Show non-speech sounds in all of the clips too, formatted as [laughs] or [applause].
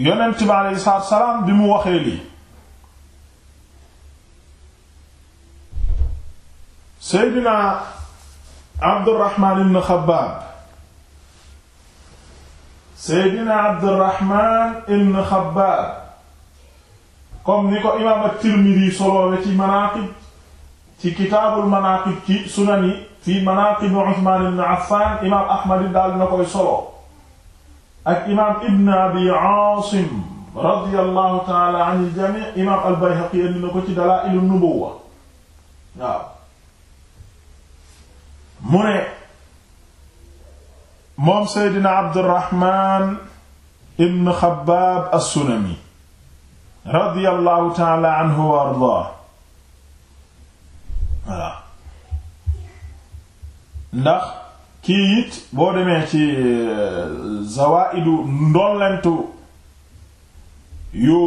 yonent bi aleyhi salaatu salaam bi mu waxee lii Seydina Abdurrahman ibn Xabbaab Seydina Abdurrahman ibn Xabbaab comme ni ko imaam at-Tirmidhi soloowe ci Manaaqib ci kitaabul Manaaqib ci sunani fi Manaaqib Usmaan ibn Affaan imaam Ahmad daal na koy solo ak imaam Ibn Abi Aasim radiyallahu taala an al-jamii imaam al-Bayhaqi indi na ko ci Dalaa'ilun Nubuwwa waaw mu ne moom Seydina Abdurrahmaan ibn Xabbaab as-Sulami radiyallahu taala anhu wa ardaahu voilà ndax kii it boo demee ci e, zawaidu ndollentu yu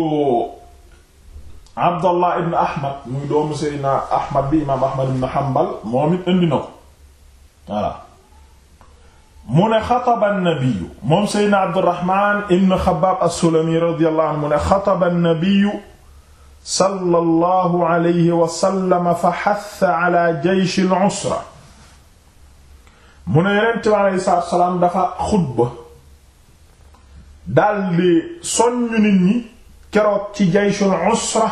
abdallah ibn ahmad muy doomu seydina ahmad bi imaam ahmad ibn hanbal moom it indi na ko voilà mu ne xataba annabiyu moom seydina abdurrahman ibn xabaab as-sulami radiyallahu anhu mu ne xataba annabiyu sallallahu alayhi wa sallam fa hassa ala jaysh al-usra mu ne yonent bi aleyhi dafa xutba daldi soññu nit ñi keroog ci jayshul usra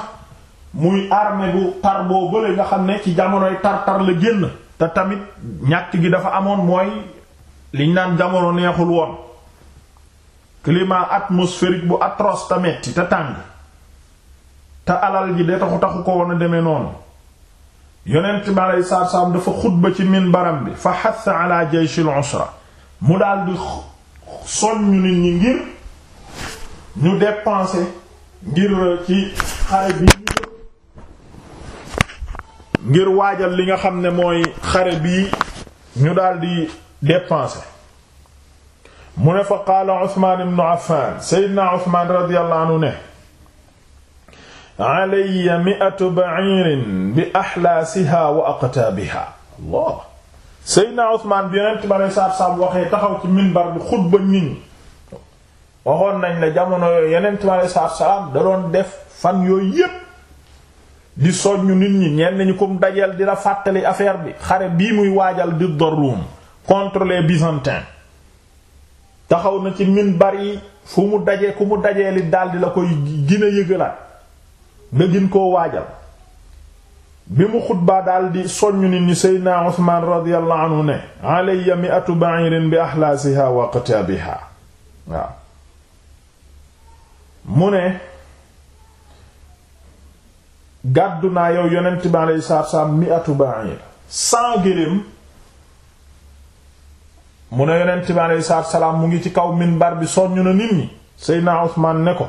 muy armée bu tar boo bële nga xam ne ci jamonoy tar-tar la génn te tamit ñàkk gi dafa amoon mooy liñ ñaan jamono neexul woon climat atmosphérique bu atroce te metti te tàng te alal ji de taxu taxu ko woon a noonu yonent bi aleyhi salaatu wa salaam dafa xutba ci minbaram bi fa xassa ala jayshil usra mu daal di soññu nit ñi ngir ñu dépenser ngir ci xare bi ngir waajal li nga xam ne mooy xare bii ñu dal di dépenser mu ne fa qaala Usmaan ibn Affaan Seydina Usmaan radiyallahu anhu ne alayya mi'atu ba'irin bi axlaasiha taxaw ci minbar bi xutba waxoon nañ la jamono yooyu yonent bi alei fan yooyu yépp di soññu nit ñi ñenn ñi dajeel di la fàttali affaire bi xare bii muy waajal di dorruum contre les taxaw na ci minbar yi fu mu dajee ku mu dajee li daldi la koy gën yëgalaat nga gën koo waajal bi mu xutbaa daldi soññ nit ñi seydna Usmaan radiyallahu ne mu ne gàddu yonent bi alayhi salaatu salaam mi'atu ba'ir cent gëléem mu ne yonent bi mu ngi ci kaw minbar bi soññ na nit ñi seydna Usmaan ne ko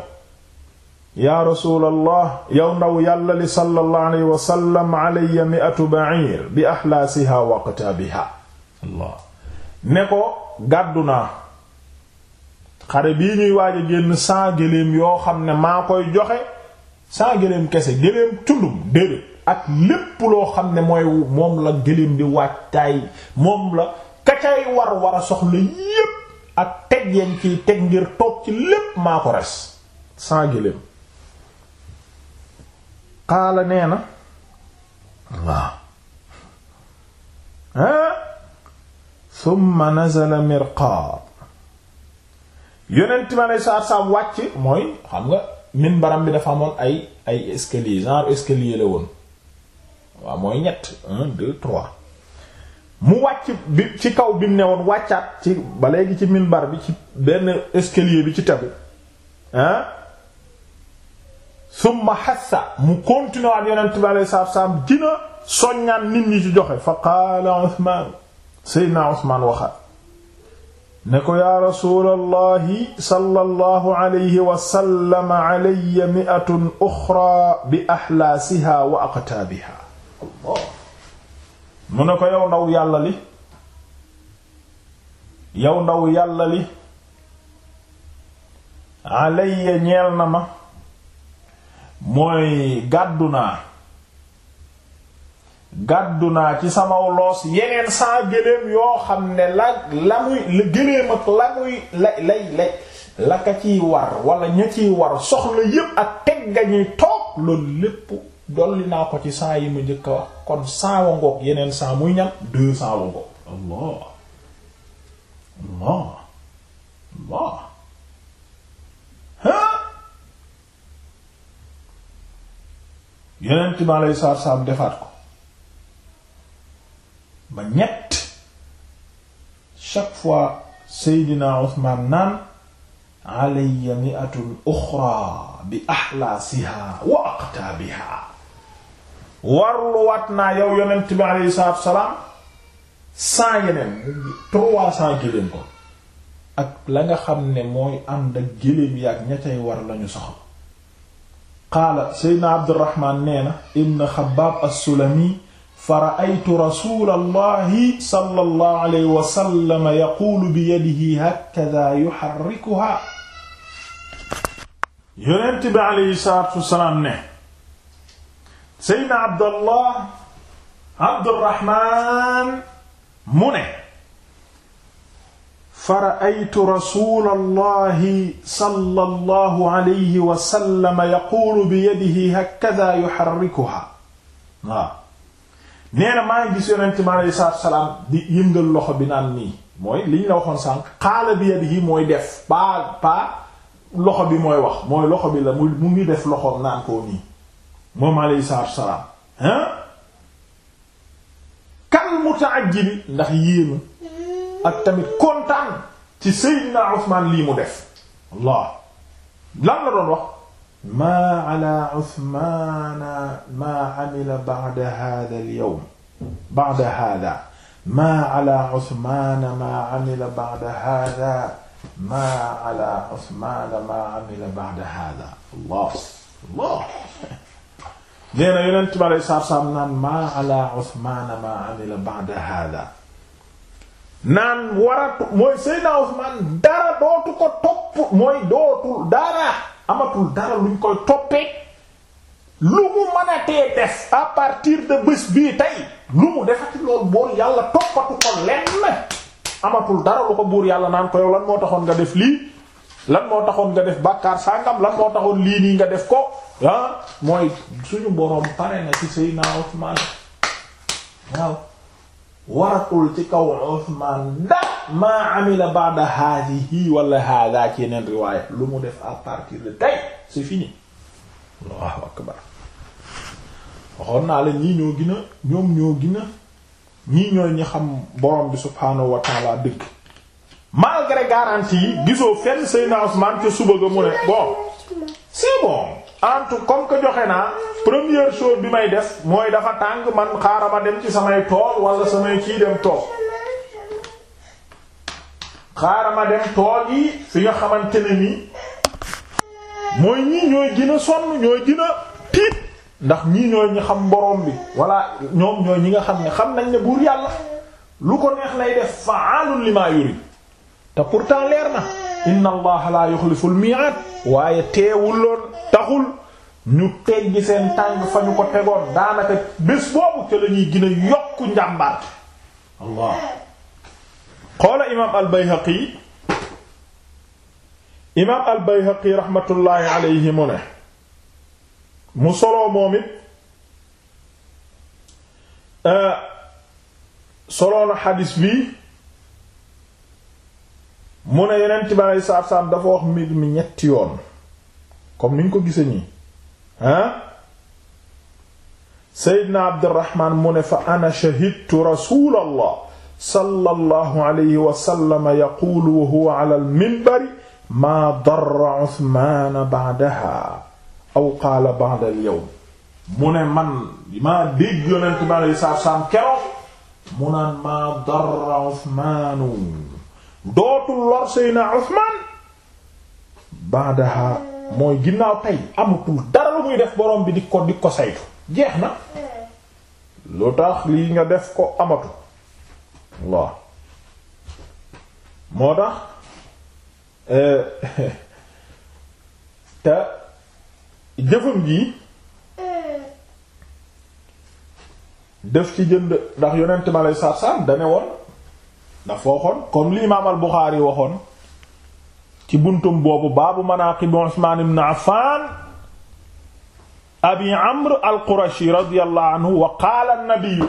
yaa rasuulallah yow ndaw yàlla li sallallahu alayhi wa sallam alayya mi'atu ba'iir bi ahlaasiha wa aqtaabiha Allah ne ko gàddu naa xare bii ñuy waaj a génn cent géléem yoo xam ne maa koy joxe cent géléem kese géléem tundum déedéet ak lépp loo xam ne mooy moom la géléem di waajtaay moom la kacay war war soxla yépp ak teg yañ ciy teg ngir toog ci lépp maa ko res cent géléem qaala nee na waaw ah thumma nazala mirqaat yonent ma lay saar saam wàcc mooy xam nga min baram bi dafa amoon ay ay escalier genre escalier la woon waaw mooy ñett deux trois mu wàcc bi ci kaw bi mu ne woon wàccaat ci ba léegi ci minbar bi ci benn escalier bi ci tabi summa xassa mu continué waat yonent bi alayhi salaatu salaam dina soññaan nit ñi ci joxe fa qaala Usmaan Seydina Usmaan waxaat ne ko yaa rasulallahi sallallahu alayhi wa sallam alayya mi'atun uxra bi axlaasiha wa aqtaabiha mu ne ko yow ndaw yàlla li yow ndaw yàlla li alayya ñeel na ma mooy gàddu naa gàddu naa ci samaw loos yeneen saa géléem yoo xam ne la la muy la ak la muy lay lay la ciy war walla ñu ciy war soxla yépp ak teg ga ñuy toog loolu lépp dolli naa ko ci saa yi ma njëkk wax kon saa wa ngoog yeneen saa muy ñam deux saa wa ngoog allah allah yonent bi aleyhi salaatu wa salaam defaat ko ba ñett chaque fois Seydina Usmaan naan alayya mi'atun uxraa bi axlaasihaa wa aqtaabihaa warluwaat naa yow yonent bi aleyhi salaatu salaam cent yeneen trois cent gëléem ko ak la nga xam ne mooy ànd ak gëléem yaak ña cay war lañu soxla qaala seydna abdirahman nee na ibn xabaab assulami fa raaytu rasula allahi sala allah alayhi wasallam yaquulu bi yadihi hakada yuxarrikuha yonent bi aleyhi salaatu wassalaam ne seydna abdallah abdirahman mu ne fara'aytu rasuulallahi sallallahu alayhi wa sallam yaquulu bi yadihi hakadha yuharrikuha waaw nee na maa ngi gis yonent mi alayhi di yëngal loxo bi naan nii mooy li ñu la waxoon sànq qaala bi yadihi mooy def loxo bi mooy wax mooy loxo bi la mu ngi def loxo naan koo nii moom alayhi salaatu wa salaam ah kal muta'ajjibi ndax yéemu ak tamit kontaan ci Seydina Usmaan lii mu def Allah lan la doon wax maa ala Usmaana maa amila ba'da haadha al-yawm ba'da haadha maa ala Usmaana maa amila ba'da haadha maa ala Usmaana maa amila ba'da haadha Allah Allah [laughs] nee na yeneen tubaab yi saabsaab naan maa ala Usmaana maa amila ba'da haadha naan waratu mooy Seydina Usmaan dara dootu ko topp mooy dootul dara amatul dara luñ koy toppee lu mu mën def à partir de bés bii tey lu mu defati loolu boor yàlla toppatu ko lenn amatul dara lu ko buur yàlla naan ko yow lan moo taxoon nga def lii lan moo taxoon nga def bàkkaar sàngam lan moo taxoon lii nii nga def ko ah, mooy suñu boroom pare na ci Seydina Usmaan waaw waratul ci kaw Usmaan ndax maa amila ba'da haadihi wala haadaa ci yeneen riwaaya lu mu def à partir de tey c'est fini Allahu akbar waxoon naa la ñii ñoo gina ñoom ñoo gina ñii ñooy ñi xam borom bi subhaanahu wa taala dëgg malgré garantie yi gisoo fenn Seydina Usmaan ca suba ga mu ne bon c'est bon en tout comme joxe naa première chose bi may def mooy dafa tàng man xaaral ma dem ci samay tool wala samay kii dem tool xaaral ma dem tool yi fi nga xamante ne nii mooy ñii ñooy gën a sonn ñooy gën tiit ndax ñii ñooy ñi xam borom bi wala ñoom ñooy ñi nga xam ne xam nañ ne buur yàlla lu ko neex lay def fa'aalun limaa yurid te pourtant leer na inna allaha yuxliful mi'aad waaye teewuloon taxul ñu teggi seen tàng fa ñu ko tegoon daanaka bés boobu ca la ñuy gën a yokku imaam al imaam al-Bayhaqi mu ne mu soloo moom it euh, soloo na xadis bi mu ne yeneen ci ba alei saatu dafa wax mbir mi ñetti yoon comme niñ ko gise nii ah seydna abdirahman mu ne fa ana shahidtu rasul allah sallallahu alayhi wa sallam yaqulu wa huwa ala al-minbari maa darra Usmaan ba'daha aw qaala ba'da al-yawm mu ne man maa dégg yonent bi alayhi salaatu salaam keroog mu naan maa darra Usmaanu dootul lor Seydina Usmaan ba'daha mooy ginnaaw tey amatul dara lu muy def borom bi di ko di ko saytu jeex na lu tax lii nga def ko amatu waaw moo tax eh, [laughs] te jëfam ji def ci jënd ndax yonent ma lay saar saar dane woon daf waxoon comme li imaam amal Buxaari waxoon ci buntum boobu baabu manaaqibu Usmaan ibn Affaan abi Amr al-Qurashi radiyallahu anhu wa qaala an-nabiyyu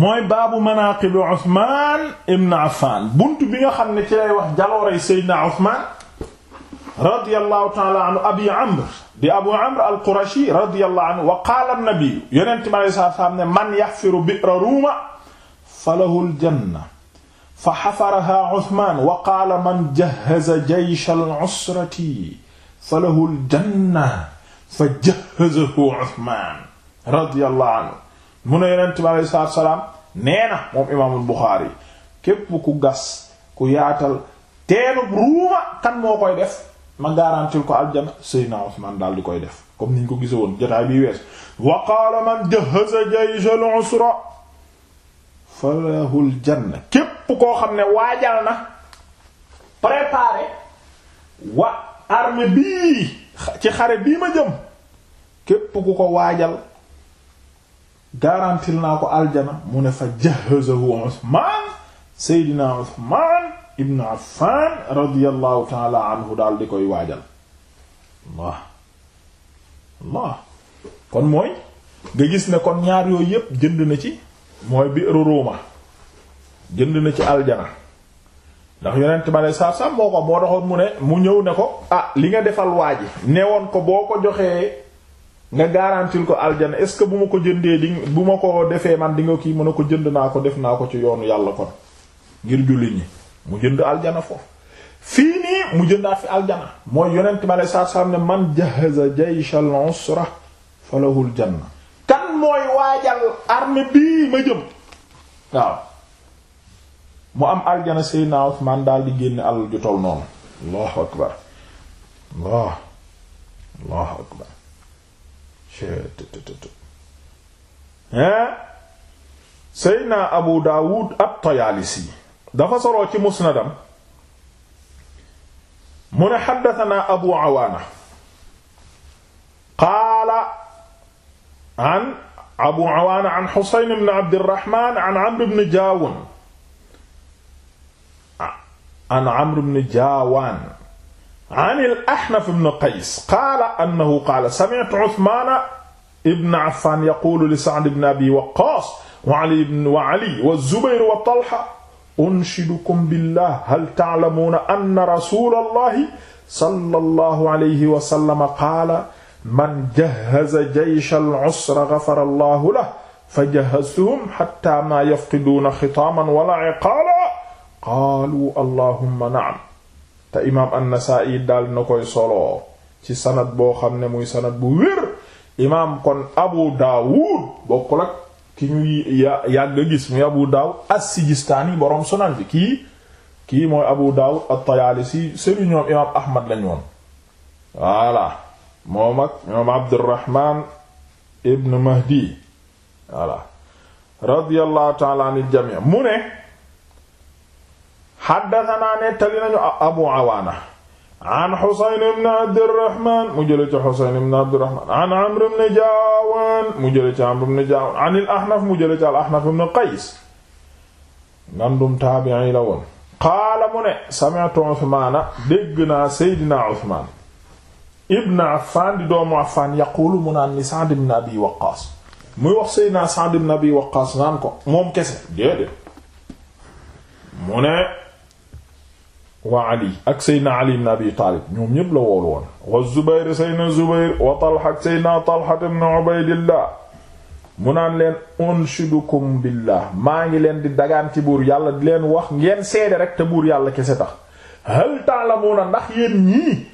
mooy baabu manaaqibu Usmaan ibn Affaan buntu bi nga xam ne ci lay wax jaloorey Seydina Usmaan radiyallahu ta'ala anhu abi Amr di abu Amr al-Qurashi radiyallahu anhu wa qaala an-nabiyyu yonent mi alayhi salaam ne man yahfiru bi'ra ruuma falahu al-janna fa xafaraha Usmaan wa qaala man jahhaza jaysha al-usrati fa lahu al-janna fa jahhazahu Usmaan radiyallahu anhu mu ne yonent bi alayhi salaatu wa salaam nee na moom imaamul Buxaari képp ku gas ku yaatal teenub ruuma kan moo koy def ma garantil ko aljana Seydina Usmaan daal di koy def comme niñ ko gise woon jotaay bi wees wa qaala man jahhaza jaysha al-usra fa lahu al-janna képp koo xam ne waajal na préparé wa armée bii ci xare bii ma jëm képp ku ko waajal garantil naa ko aljana mu ne fa jahazahu Usmaan Seydina Usmaan ibn Affan radiyallahu taala anhu daal di koy waajal Allah Allah kon mooy nga gis ne kon ñaar yooyu yépp jënd na ci mooy biiru Ruuma jënd na ci aljana ndax yonent ma ne saa sam moo ko moo taxoon mu ne mu ñëw ne ko ah li nga defal waa ji woon ko boo ko joxee nga garantil ko aljana est ce que bu ma ko jëndee di bu ma ko defee man di nga kii mën a ko jënd naa ko def naa ko ci yoonu yàlla kon ngir jullit ñi mu jënd aljana foofu fii nii mu jëndaat fi aljana mooy yonent ma ne saa ne man jahaza jaysh al usra falahul janna kan mooy waajal armée bii ma jëm waaw mu am aljana Seydina Usmaan daal di génne alal ju toll noonu allahu akbar allah allahu akbar Seydina Abu Daawud at-Tayaalisi dafa soloo ci musnadam mu ne xaddatanaa Abu Awaana qaala an Abu Awaana an Xusayn ibn Abdirahmaan an Amr ibn Jaawun an amr ibn jaawaan an al-ahnaf ibn qays qaala annahu qaala sami'tu uthmaana ibn affaan yaquulu li sa'd ibn abi waqqaas wa ali ibn wa ali wa zubayr wa talha unshidukum billah hal ta'lamuuna anna rasuulallahi sallallahu alayhi wa sallam qaala man jahhaza jaysha al-'usra ghafara allahu lahu fa jahhaztuhum hatta ma yafqiduuna khitaaman wala 'iqaalan qaalu allahumma naam te imaam an-Nasaa'i daal na koy solo ci sanad boo xam ne muy sanad bu wér imaam kon Abu Daawud bokkul ak ki ñuy yàgg gis muy Abu Daawud as-Sijistaani boroom sunan bi kii kii mooy Abu Daawud at-Tayaalisi sëriñ ñoom imaam Ahmad lañu woon voilà moom ak ñoom ibn Mahdi voilà radiyallahu ta'ala anil jamii mu ne xaddatanaa nettali nañu abu awaana an xusayn ibn abdirahman mu jële ci xusayn ibn abdirahman an amr ibn jaawaan mu jële ci amr ibn jaawaan an il ahnaf mu jële ci al ahnaf ibn qays ngandum taabi'i la woon qaala mu ne sami'tu usmaana dégg naa seydina usmaan ibn affaan di doomu affaan yaquulu mu naan ni sa'd ibn abi waqqaas muy wax seydina sa'd ibn abi waqqaas naan ko moom kese déedéet mu ne wa ali ak seydna ali ibn abi taalib ñoom ñépp la wool woon wa zubayr seydna wa talha ak seydna talha ibn ubaydillah mu naan leen unshidukum billah maa ngi leen di dagaan ci buur yàlla di leen wax ngeen seede rek te buur yàlla kese tax hal ta'lamuna ya yéen ñii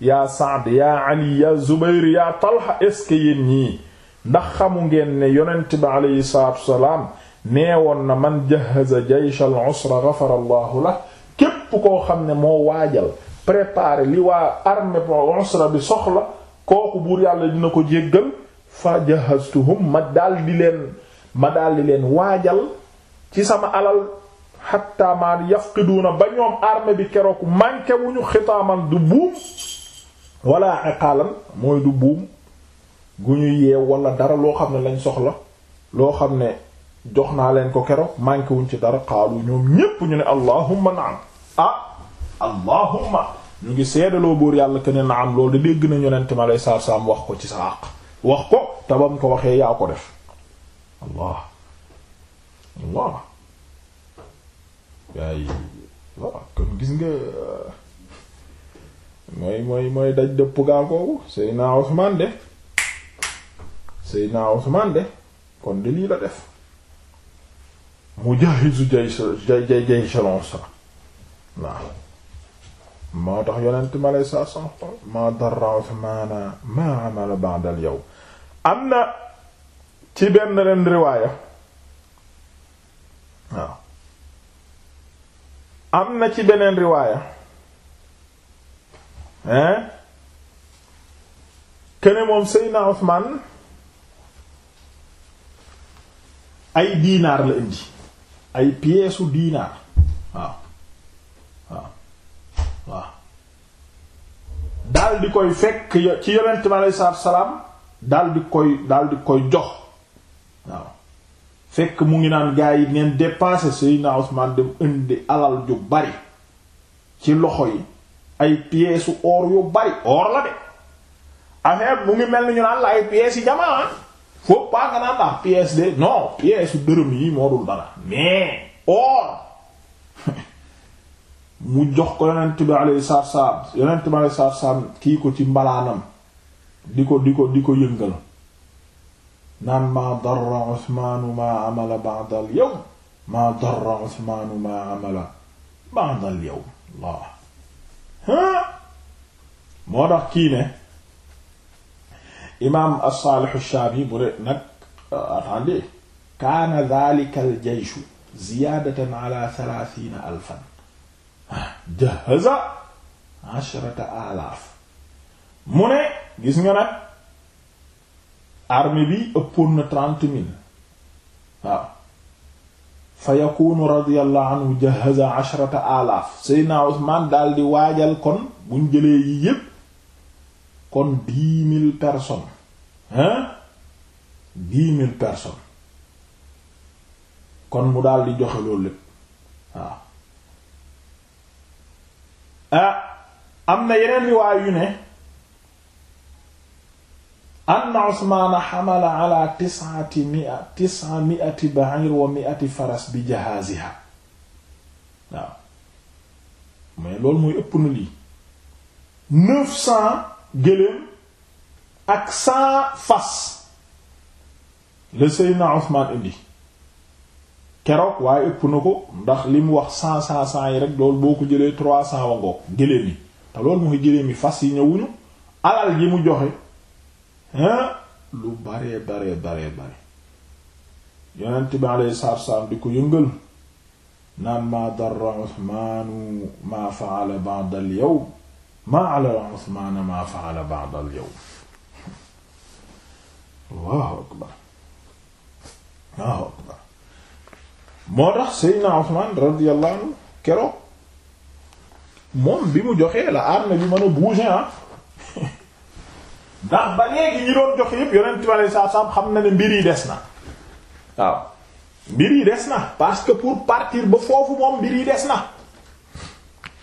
yaa saad ali yaa zubayr yaa talha est-ce que yéen ndax xamu ngeen ne yonent bi aleyhi salaatu wasalaam nee woon na man jahaza jaysh al usra ghafara allahu lahu képp koo xam ne moo waajal préparer li waa armée bi usra bi soxla kooku buur yàlla dina ko jéggal fa jahaztuhum ma daal di leen ma daal di leen waajal ci sama alal xatta ma na ba ñoom armée bi keroog manqué wu ñu xitaaman du buum wala iqaalan mooy du buum gu ñu yeew wala dara loo xam ne lañ soxla loo xam ne jox naa leen ko keroog manqué wuñ ci dara xaalu ñoom ñépp ñu ne allahumma na'am ah allahumma ñu ngi seedaloo buur yàlla keneen na am loolu de dégg nañu yonent ma lay saar saam wax ko ci sa àq wax ko tabam ko waxee yaa ko def allah allah kon gis nga mooy mooy mooy daj dëpp gaa kooku Seydina Usmaan de Seydina Usmaan de kon de lii la def mu jahizu jay jay jay jay waaw moo tax yonent ma lay saa san xol ma darra Usmaana ma amala ba'dal yawm am na ci benn ren riwaaya waaw am na ci beneen riwaaya hein kene moom Seydina Usmaan ay diinaar la indi ay piyeesu diinaar waaw daal di koy fekk ci yonent bi aleyhi salaatu salaam dal di koy daal di koy jox waaw fekk mu ngi naan gaa yi ngeen dépassé Seydina Usmaan dem indi alal ju bari ci loxo yi ay pièces or yu bari or la de affaire mu ngi mel ni ñu naan la ay pièces yi jamaa ah. faut pas nga naan la pièces de non pièces dërëm yi moo dul dara mais or. mu jox ko yonent bi alayhi salaatu salaam yonent bi alayhi salaatu salaam kii ko ci mbalaanam di ko di ko di ko yëngal naan maa darra Usmaanu maa amala ba'da al-yawm maa darra Usmaanu maa amala ba'da al-yawm Allah moo tax kii ne imaam as-Saalih ash-Shaabi mu ne nag uh, attendez kaana dhaalika al-jaysh ziyaadatan ala thalaathiina alfan jahaza ashrata alaaf mu ne gis nga nag armée bi ëppoon na trente mille waaw fa yakunu radiyallahu anhu jahaza ashrata alaaf Seydina Usmaan daal di waajal kon buñ jëlee yi yépp kon dix mille personnes kon mu daal di joxe loolu lépp waaw Ah, am na yeneen riwaay yu ne anna Usmaana xamala ala tis'ati mi'a tis'a mi'ati ba'ir wa mi'ati faras bi jahaaziha waaw mais loolu mooy ëpp na lii neuf cent gëléem ak cent fas le Seydina Usmaan indi keroog waaye ëpp na ko ndax li mu wax cent cent cent yi rek loolu boo ko jëlee trois cent wa ngoog géléem yi te loolu mooy géléem yi fas yi ñëwuñu alal yi mu joxe lu baree baree baree bare yonent bi alayhi salaatu salaam di ala Usmaana maa fa'ala ba'da al-yawm Allahu akbar moo tax Seydina Usmaan radiyallahu anhu moom bi mu joxee la arme bi mën a bouger ah ndax ba léegi ñi doon joxe yépp yonent bi alayhi salaatu xam na ne mbir yi des na waaw mbir yi des na parce que pour partir ba foofu moom mbir yi des na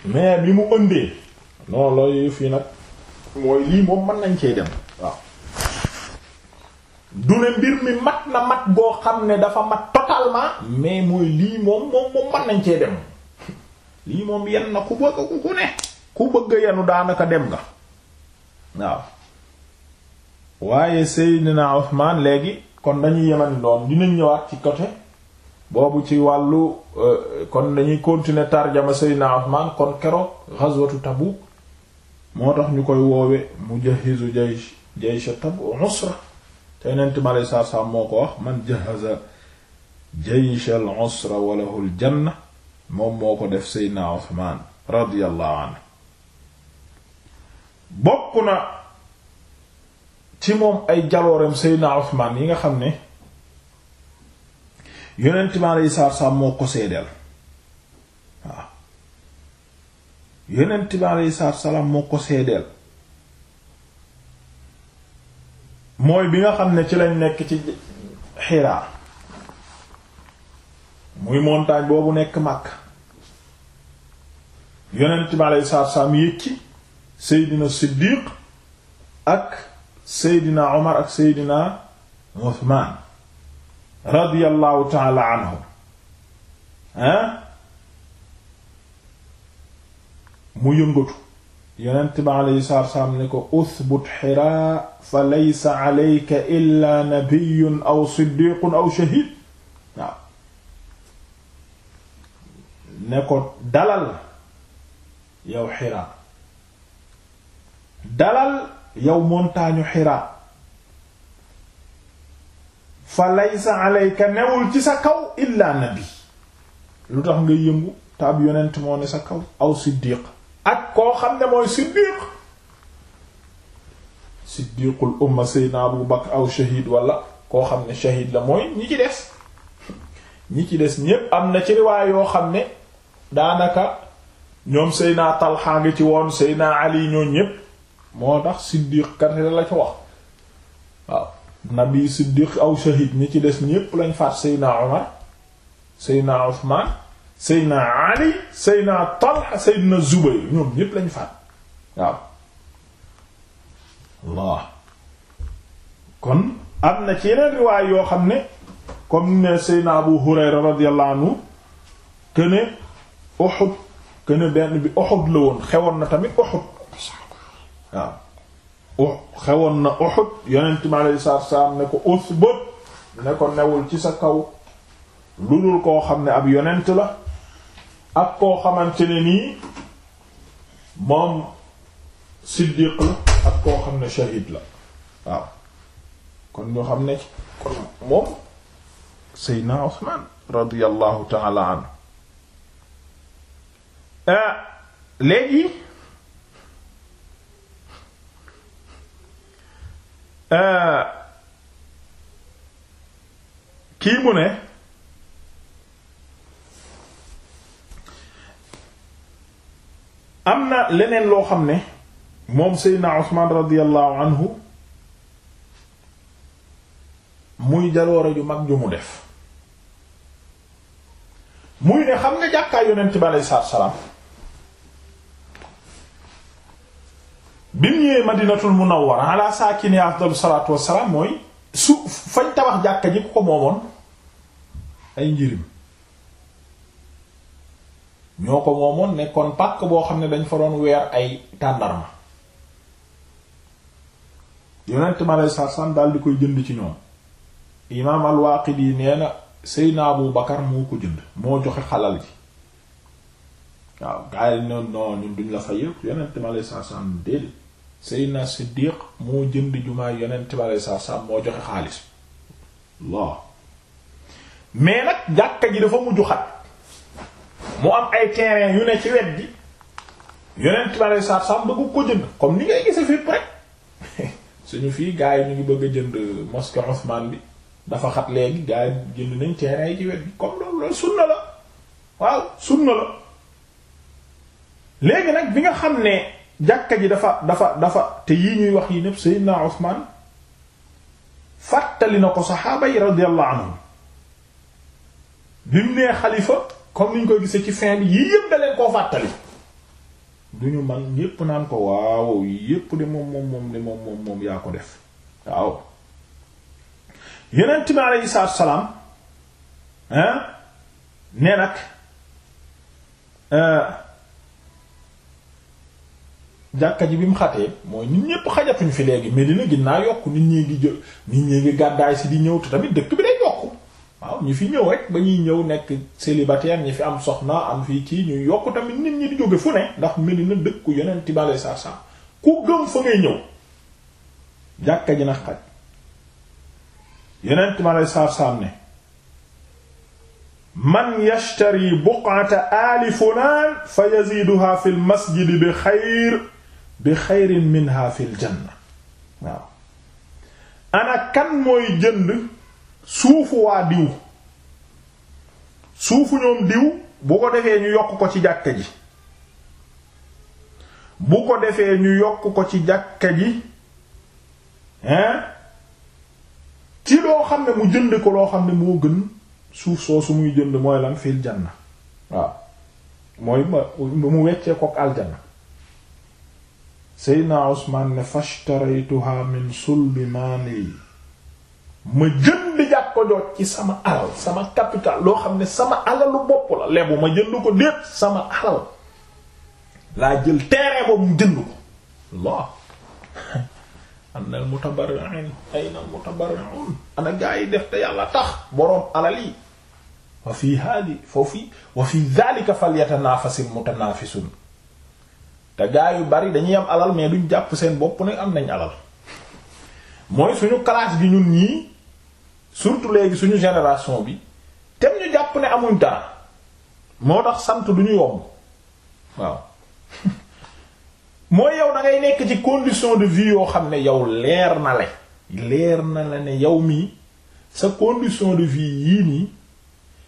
mais bi mu ëndee non looy fii nag mooy lii moom mën nañ cee dem du ne mbir mi mat na mat boo xam ne dafa mat totalement mais mooy lii moom moom moom mën nañ cee dem lii moom yenn na ku bëgg ku ne ku bëgg yenu daanaka dem nga waaw waaye Seydina Othman léegi kon dañuy yeman doom dinañ ñëwaat ci côté boobu ci wàllu euh, kon dañuy continuer tarjama Seydina Othman kon keroog ghazwatu Tabuk moo tax ñu koy woowe mujahizu jaysh jaysh Tabuk usra te yonent mi alayhi salaatu salaam moo ko wax man jahaza jaysh al usra wa lahu moom moo ko def seydna Usmaan radiyallahu anhu bokk na ci moom ay jaloorem seydna Usmaan yi nga xam ne yonent mi alayhi salaatu salaam moo ko seedeel waaw yonent mi alayhi salaatu salaam moo ko seedeel mooy bi nga xam ne ci lañ nekk ci Hira muy montagne boobu nekk Makka yonent bi aleyhi salaatu salaam yëcci Seydina Siddiq ak Seydina Omar ak Seydina Uthman radiyallahu taala anhu hein mu yëngatu yonent bi alayhi salaatu salaam ne ko uthbut xiraa fa laysa alayka illa nabiyyun aw siddiqun aw shahid ne ko dalal yow xiraa dalal yow montagne xiraa fa laysa alayka newul ci sa kaw illa nabi lu tax nga yëngu taab yonent moo ne sa kaw aw siddiq ak koo xam ne mooy siddiq siddiqul umma sayyidina abu bakr aw shahid wala koo xam ne shahid la mooy ñi ci des ñi ci des ñépp am na ci riwaay yoo xam ne daanaka ñoom sayyidina talha ngi ci woon sayyidina ali ñoo ñépp moo tax siddiq karte la ci wax waaw nabi siddiq aw shahid ñi ci des ñépp lañ faat sayyidina umar sayyidina usman Seydina Ali Seydina Talha Seydina Zubayr ñoom ñépp lañ faat waaw Allah kon am na ci yeneen riwaay yoo xam ne comme ne Seydina Abu Hurayra radiyallahu anhu këne Uhud këne benn bi Uhud la woon xewoon na tamit Uhud xewoon na Uhud yonent mi alayhi salaatu ne ko usbut ne ko newul ci sa kaw lu dul koo xam ne ab yonent la ak koo xamante ne nii moom siddiq la ak koo xam ne shahid la waaw kon ñoo xam ne kon moom seydna Usmaan radiyallahu taala anhu eh, léegi eh, kii mu ne am na leneen loo xam ne moom seydna Usmaan radiyallahu anhu muy jaloore ju mag ju mu def muy ne xam nga jàkkaay yonent bi aleyhi salaatu salaam mu ñëwee madinatul munawwara ala saakini afdalu salaatu wassalaam mooy su fañ tabax jàkka ji ku ko moomoon ay njirim ñoo ko moomoon nekkoon pàkk boo xam ne dañ fa doon weer ay tàndarma yonent ma lay sarsam daal di koy jënd ci ñoom imaam al-Waaqidi nee na Seydina Abu Bakar moo ko jënd moo joxe xalal ji waaw gaa yi non non duñ la fa yëpp yonent ma lay sarsam déedéet Seydina Siddiq moo jënd jumaay yonent ma lay sarsam moo joxe xaalis waaw mais nag jàkka ji dafa mujju xat mu am ay terrain yu ne ci wet gi yeneen tubaab saat sax bëgg ko jënd comme ni ngay gise fépp rek [laughs] suñu fii gars yi ñu ngi bëgg a jënd mosquée Ousmane bi dafa xat léegi gars yi jënd nañ terrain yi ci wet gi comme loolu loolu sunna la waaw sunna la léegi nag bi nga xam ne jàkka ji dafa dafa dafa te yi ñuy wax yi ñépp Seydina Ousmane fàttali na ko saxaaba yi radiyallahu anhum bi mu nee xalifa comme ñu koy gisee ci fin bi yii yëpp da leen koo fàttali du ñu man yépp naan ko waaw yépp de moom moom de moom moom yaa ko def waaw yonent bi aleyhi salaatu salaam hein nee nag euh, jàkka ji bi mu xatee mooy nit ñépp xajatuñ fi léegi Medina ginnaaw yokk nit ñi ngi jël nit ñi ngi gàddaay si di ñëw te tamit dëkk bi day waaw ñu fi ñëw rek ba ñuy ñëw nekk célibataire ñi fi am soxna am fii kii ñuy yokk tamit nit ñi di jóge fu ne ndax meli na dëkku yeneen tibale sa ku gëm fa ngay ñëw jàkka ji na xaj yeneen tibale sa sa ne man yashtari buq'ata aali fulaan fa yaziiduha fil masjidi bi xayr bi xayrin minha fil janna waaw ana mooy jënd suufu waa diw suufu ñoom diw bu ko defee ñu yokk ko ci jàkka ji bu ko defee ñu yokk ko ci jàkka ji hein ci loo xam ne mu jënd ko loo xam ne moo gën suuf soosu muy jënd mooy lan fil janna waaw mooy ma mu weccee kook aljanna seydna Usmaan ne fashtaraytuha min sulbi ma jënd jàpp ko ci sama alal sama capital loo xam ne sama alalu bopp la lebu ma jënd ko déet sama alal laa jël terrain boobu mu jënd ko Allah [laughs] anna al-mutabarri'un ayna def te yàlla tax boroom alal yi wa fi hadi foofu wa fi dhalika falyatanafasi al-mutanafisun te gaa yu bari dañuy am alal mais jàpp seen bopp ne am nañ alal mooy suñu classe gi ñun ñii surtout léegi suñu génération bi tem ñu jàpp ne amuñ dara moo tax sant du ñu yomb waaw [laughs] mooy yow da ngay nekk ci condition de vie yoo xam ne yow leer na la leer na la ne yow mii sa condition de vie yii nii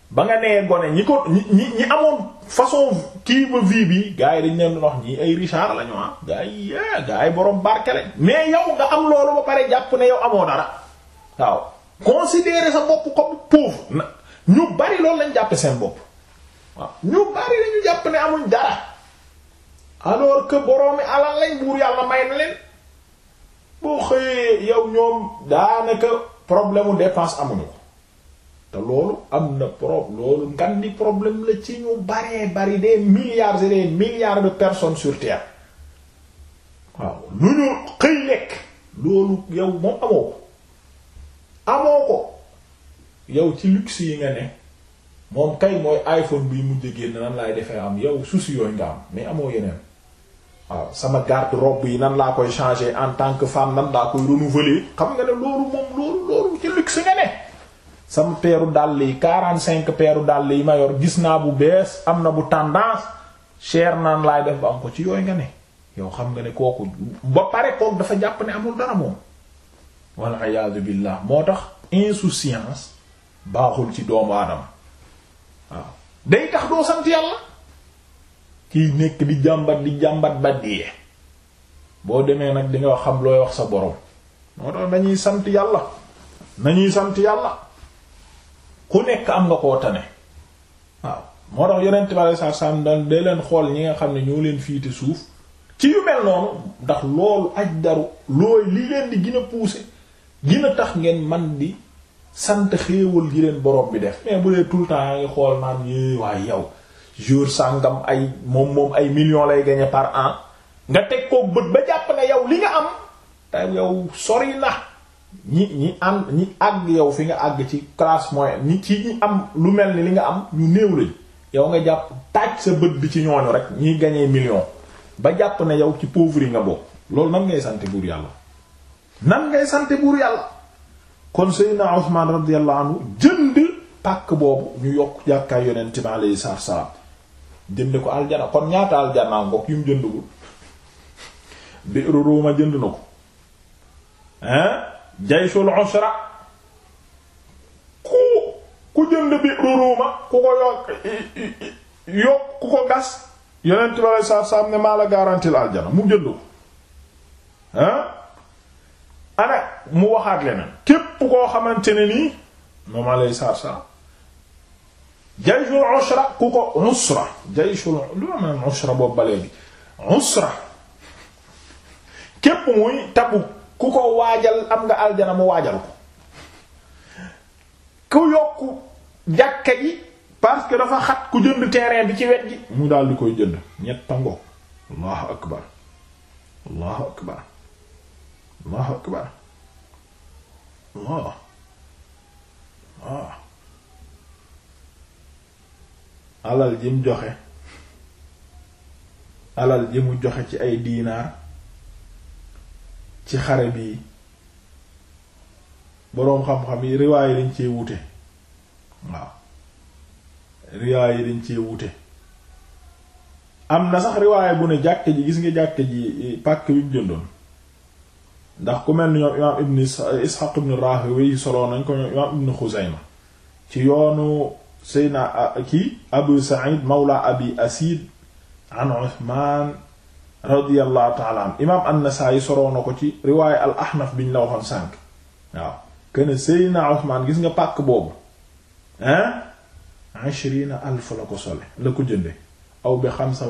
ba nga nee gone ñi ko ñi ñi amoon façon kii ba vie bi gaa yi dañ leen doon wax ñii ay Richard lañu ah ay yi eh, gars yi borom barke lañ mais yow nga am loolu ba pare jàpp ne yow amoo dara waaw. considérer sa bopp comme pauvre ñu bari loolu lañ jàppe seen bopp waaw ñu bari lañu jàpp ne amuñ dara alors que boroomi alal lañ buur yàlla may na leen boo xëyee yow ñoom daanaka problème u amuñu ko te loolu am na problème loolu ngan di problème la ci ñu baree bari des milliards de personnes sur terre waaw lu ñu xëy lekk loolu yow moom amoo yow ci luxe yi nga ne moom kay mooy iPhone bi mujj génn nan laay defee am yow souci yooyu nga am mais amoo yeneen waaw sama garde-robe yi nan laa koy changer en tant que femme nan laa koy renouveler xam nga ne loolu moom loolu loolu ci luxe nga ne sama peeru dàll yi quarant cinq peeru dàll yi ma yor gis naa bu bees am na bu tendance cher naan laay def ba am ko ci yooyu nga ne yow xam nga ne kooku ba pare kooku dafa jàpp ne amul dara moom wal iyaadu billah moo tax insouciance baaxul ci doomu aadama waaw day tax doo sant yàlla kiy nekk di jàmbat di jàmbat ba dee boo demee nag di nga xam looy wax sa borom moo tax dañuy sant yàlla nañuy sant yàlla ku nekk am nga koo tane waaw moo tax yonent bi saa saam daan day leen xool ñi nga xam ne ñoo leen fii fiite suuf ci yu mel noonu ndax loolu aj daru looy li leen di gën a pousser gën tax ngeen man di sant xéewal gi leen bi def mais bu dee tout le temps yaa ngi xool naan yee waaye yow jour sàngam ay moom moom ay millions lay gagné par an nga teg koo bët ba jàpp yow li am te yow sori na ñi ñi ñi àgg yow fi nga àgg ci classe moyenne ci ñi am lu mel ni li nga am ñu néew lañ yow nga jàpp taaj sa bët bi ci ñooñu rek ñiy gagné million ba jàpp na yow ci pauvre yi nga bokk loolu nan ngay sant buur yàlla nan ngay sant buur yàlla kon Seydina Usmaan radiyallahu jënd pàkk boobu ñu yokk jàkkaay yonent bi alayhi salaam jënd ko aljana kon ñaata aljanaa ngoog yu mu jëndul bi'ru ruuma jënd na ko hein jayshul usra ku ku jënd bi'ru ruuma ku ko yokk yokk ku ko gas yonent bi alayhi salaam ne maa la garantil aljana mu jënd ko hein ana mu waxaat leneen képp koo xamante ne nii moom alay saar saar jayshul usra ku ko usra jayshul lu ma usra boobu ba léegi usra képp muy tabu ku ko waajal am nga aljana mu waajal ko ku yokku jàkka ji parce que dafa xat ku jënd terrain bi ci wet gi mu daal di koy jënd ñett tango allahu akbar allahu akbar allahu akbar Allah waaw ah. alal ji joxe alal ji joxe ci ay diinaar ci xare bi boroom xam-xam yi riwaay yi cee wute waaw riwaay yi dañ cee wute am na sax riwaay bu ne jàkk ji gis ngi jàkk ji eh, pàkk bi mu jëndoon ndax ku mel ni ñoom imaam Ishaq ibn Rahowi soloo nañ ko ñoom imaam ibn Xuzayma ci yoonu Seydina kii Abu Sa'id mawla Abi Asid an Uthman radiyallahu ta'ala an imaam an-Nasa'i soloo na ko ci riwaaya al-Ahnaf biñ la waxoon sànq waaw kene Seydina Uthman gis nga pàkk boobu hein ishrina alf aw bi xamsa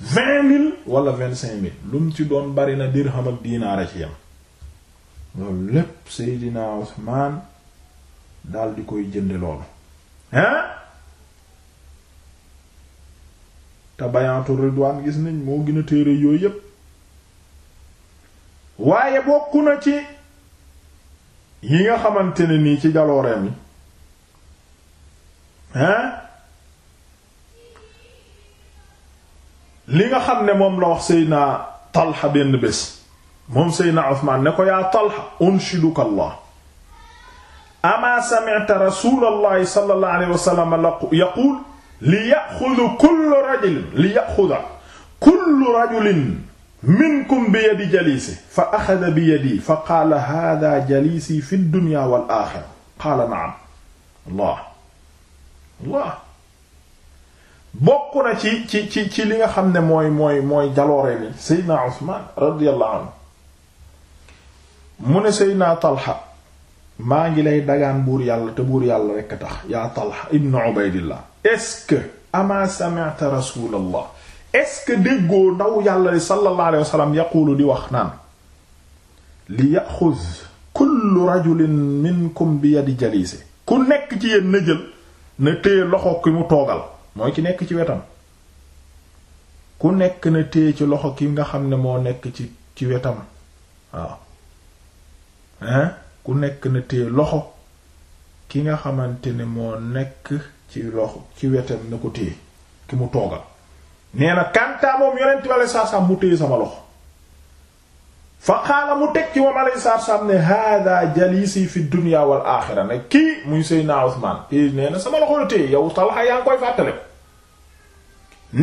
vingt mille wala vingt cinq mille lu ci doon bari na dirham ak diinaar a ci yam loolu lépp Seydina Usmaan dal di koy jënd loolu hein te bayantu Ridwaan gis nañ moo gën téere yooyu yépp waaye bokk na ci yi nga xamante ne nii ci jalooreem yi hein li nga xam ne moom la wax Seydina Talha benn bés moom Seydina Usmaan ne ko yaa Talha unshiduka Allah ama sami'ta rasulallahi sallallahu alayhi wa sallam yaqul li ya'khudha kullu rajulin li ya'khudha kullu rajulin minkum bi yadi jalisi fa axada bi yadi fa qaala hada jalisi fi dunya wal axira qaala na'am allah allah bokk na ci ci ci ci li nga xam ne mooy mooy mooy jaloore bi seydna Usmaan maa ngi lay dagaan buur yàlla te buur yàlla rekk tax yaa Talha ibn Ubaydillah est-ce que ama sami'ta déggoo ndaw yàlla li sallallahu alayhi wa sallam di wax naan li yaxuz kullu rajulin minkum bi yadi jalise ku nekk ci yéen na jël na téye loxo ki mu toogal mooy ki nekk ci wetam ku nekk na téye ci loxo ki nga xam ne moo nekk ci ci wetam waaw hein ku nekk na téye loxo ki nga xamante ne moo nekk ci loxo ci wetam na ko téye ki mu toogal nee na kantaa moom yonent walla saa mu téye sama loxo fa xaala mu teg ci moom alayhi salaatu salaam ne hada jalisi fi dunya wal axira ne kii muy Seydina Usmaan kii nee sama la téye yow Talha yaa ngi koy fàttale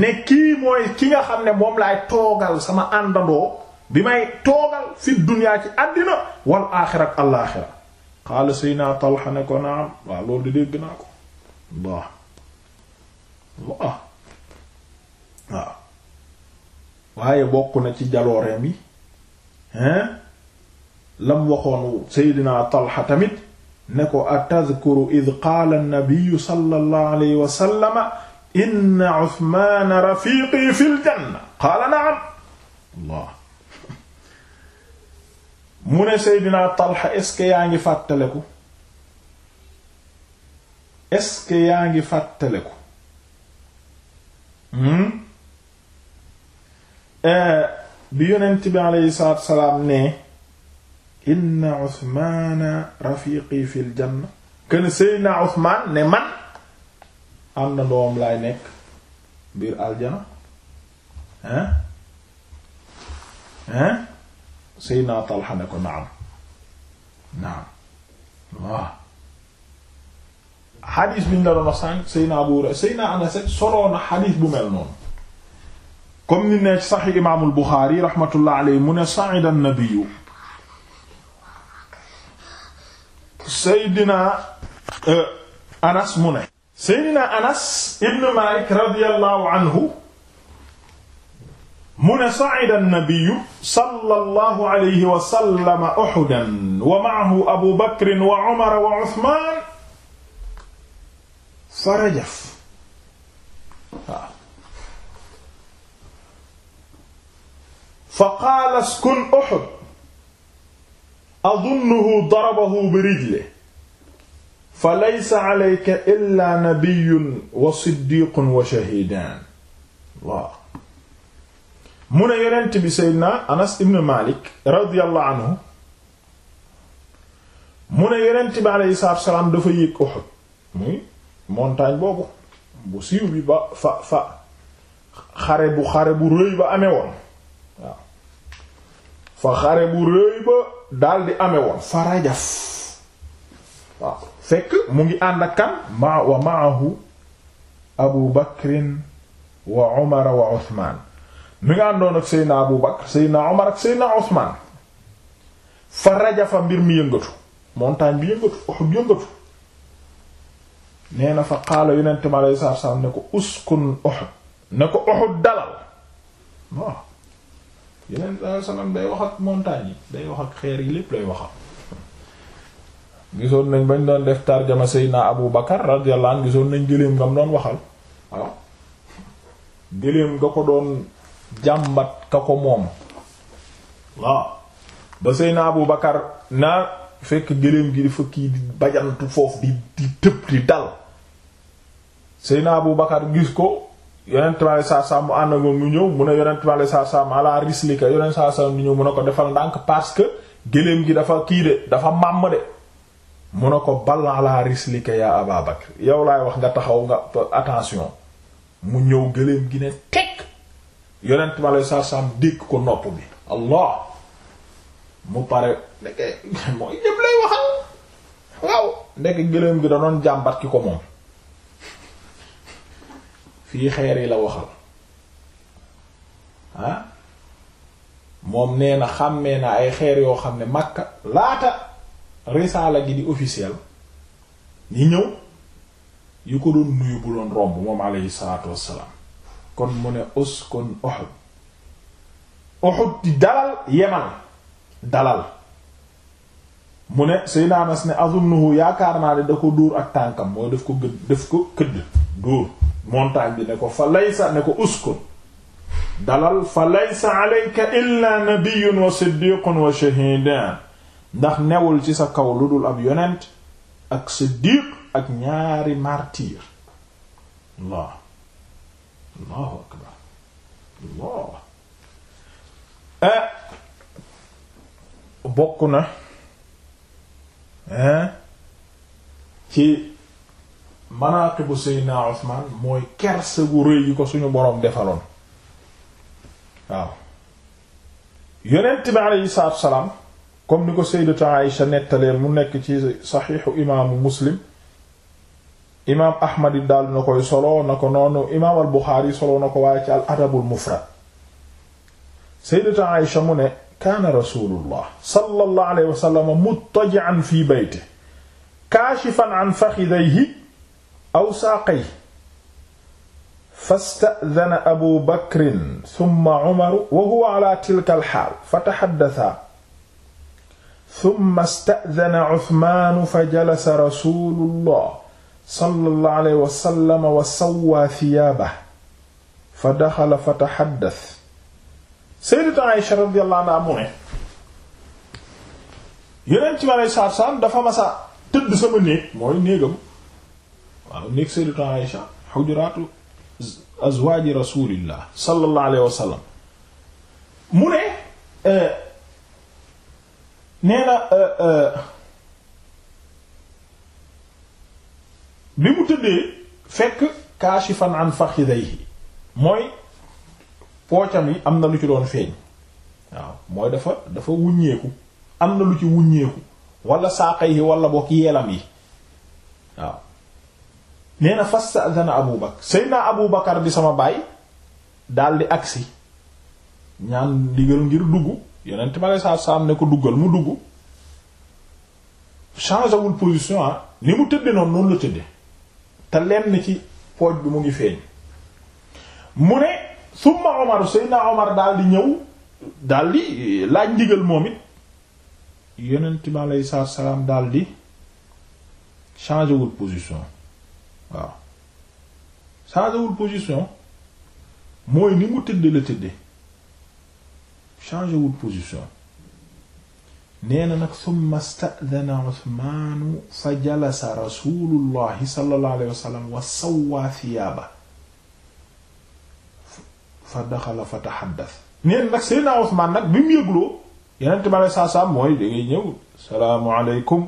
ne kii mooy ki nga xam ne moom laay toogal sama àndandoo bi may toogal fi dunya ci àddina wal axira ak al xaala Seydina Talha ne ko naam waaw loolu de dégg naa ko waaw waaye bokk na ci jalooreem yi lam waxoon seydina Talha tamit ne ko atadhkuru id qaala an-nabiy sallallahu alayhi wa sallama inna Uthmaana rafiqi fil janna qaala na'am Allah [laughs] mu ne seydina Talha est-ce que yaa ngi fàttaleku est-ce que yaa ngi fàttaleku hmm eh, bi yonent bi aleyhi salaam ne inna Usmaana rafiqi fil janna kën Seydina Usmaan ne man am na ndoom laay nekk biir aljana hein hein Seydina Talha ne ko naam naam waaw xadiis bi ñu la sànq Seydina Abu Hurayra Seydina Anas soroon na xadiis bu mel noonu comme ni ne ci saxi imaamul Buxaari rahmatullah aleyhi mu ne sa'ida nabiyu Seydina eh, Anas mu ne Seydina Anas ibn Malik radiyallahu anhu mu ne sa'ida nabiyu sallallahu alayhi wa sallam Uhudan wa ma'ahu Abu Bakr wa Umar wa Usmaan farajaf fa qaala askun Uhud adunnuhu darabahu bi rijlihi fa laysa alayka illaa nabiyyun wa siddiiqun wa shahiidaan waaw mu ne yonent bi seydina Anas ibn Maalik radiyallahu anhu mu ne yonent bi aleyhi salaatu wa salaam dafa yéeg Uhud muy montagne boobu bu siiw bi ba fa fa xare bu xare bu rëy ba amee woon waaw fa xare bu rëy ba daldi ame woon fa rajaf waaw fekk mu ngi ànd ak kan ma wa maahu abu bakrin wa umara wa usmaan mi nga àndoon ak seydna abu bakr seydna umar ak seydna usmaan fa rajafa mbir mi yëngatu montagne bi yëngatu Uhud yëngatu nee fa qaala yonente mi ne ko uskun Uhud ne ko Uhud dalal yeneen saa salaam day wax ak montagne yi day wax ak xeer yi lépp lay wax gisoon nañ bañ doon def tarjama naa Abu Bakar radiyallahu anhu gisoon nañ gëléem nga mu doon waxal waaw gëléem nga ko doon jàmbat ka ko moom waaw ba naa Abu Bakar naa fekk gëléem gi dafa kii bajantu foofu di di tëb di dal Seydina Abu Bakar gis ko yonent bi saa saa mu ànd ak mu ñëw mu ne yonent bi saa saa mu ala rislika yonent saa saa mu ñëw mu ne ko defal ndànk parce que gëléem gi dafa kii de dafa màmm de mu ne ko bal la rislika yaa Abaa yow laay wax nga taxaw nga attention mu ñëw gëléem gi ne teg yonent bi saa saa mu dégg ko nopp bi allah mu pare ndeke [laughs] mooy ñépp lay waxal waaw ndeke gëléem gi da doon jàmbat ki ko moom. fii xeer yi la waxal ah moom nee na xàmmee na ay xeer yoo xam ne makk laata risaala gi di officiel ñi ñëw yu ko doon nuyu bu doon romb moom aleyhi salaatu wassalaam kon mu ne uskun Uhud Uhud di dalal yemal dalal mu ne Seydina Anas ne azunnuhu yaakaar naa ne da ko dóor ak tànkam mooy daf ko gëdd daf ko këdd dóor montagne bi ne ko fa laysa ne ko uskun dalal fa laysa alayka illa wa siddiqun wa shahidan ndax newul ci sa kaw lu dul ab yonent ak siddiq ak ñaari martyr allah allahu akbar allah eh bokk na eh ci manaaqibu Seydina Usmaan mooy kerse gu rëy yi ko suñu boroom defaloon waaw yonent bi aleyhi salaatu comme ni ko Sayyidatu Aïsha nettalee mu nekk ci saxiixu imaamu Muslim imaam Ahmad yi daal na koy solo ko noonu imaam al Buxaari solo ko waaye ci al adabul mufrad Sayyidatu Aïsha mu ne kaana rasuulullah sallallahu alayhi wa an fakhidayhi aw saaqay fasta'dana abu bakrin summa umaru wa huwa ala tilka alxaal fa taxaddasaa summa sta'dana usmaanu fa jalasa rasuulullah sallallahu alayhi wa sallam wa sawwaa thiyaabahu fa daxala fa taxaddas sayyidatu Aysha radiyallahu anha mu ne yeneen ci ma lay saar saam dafa masa tëdd sama néeg mooy néegam waaw néeg sayyidatu Aïsha xujuraatu azwaaji rasulillah sallallahu alayhi wa sallam mu ne euh, nee euh, euh, bi mu tëddee fekk kaashifan an fakhidayhi mooy poocam yi am na lu ci doon feeñ waaw mooy dafa dafa wuññeeku am na lu ci wuññeeku wala saaqay yi bokk yeelam yi waaw nee na fasta'dana Abu Bakar Seydina Abu Bakar di sama baay di agsi ñaan digal ngir dugg yonent ma lay saa ne ko duggal mu dugg changé wul position ah ni mu tëdde noonu noonu la tëdde te lenn ci pooj bi mu ngi feeñ mu ne summa Omar Seydina Omar daldi ñëw daldi eh, laaj ndigal moom it yonent ma lay saa salaam daldi changé wul position waaw changéwul position mooy ni mu tëdd la tëdde changéwul position nee nag summa stadana usmaanu fa wa sallam wa sawwaa thiyaaba fa daxala fa taxaddas mooy da ñëw salaamu aleykum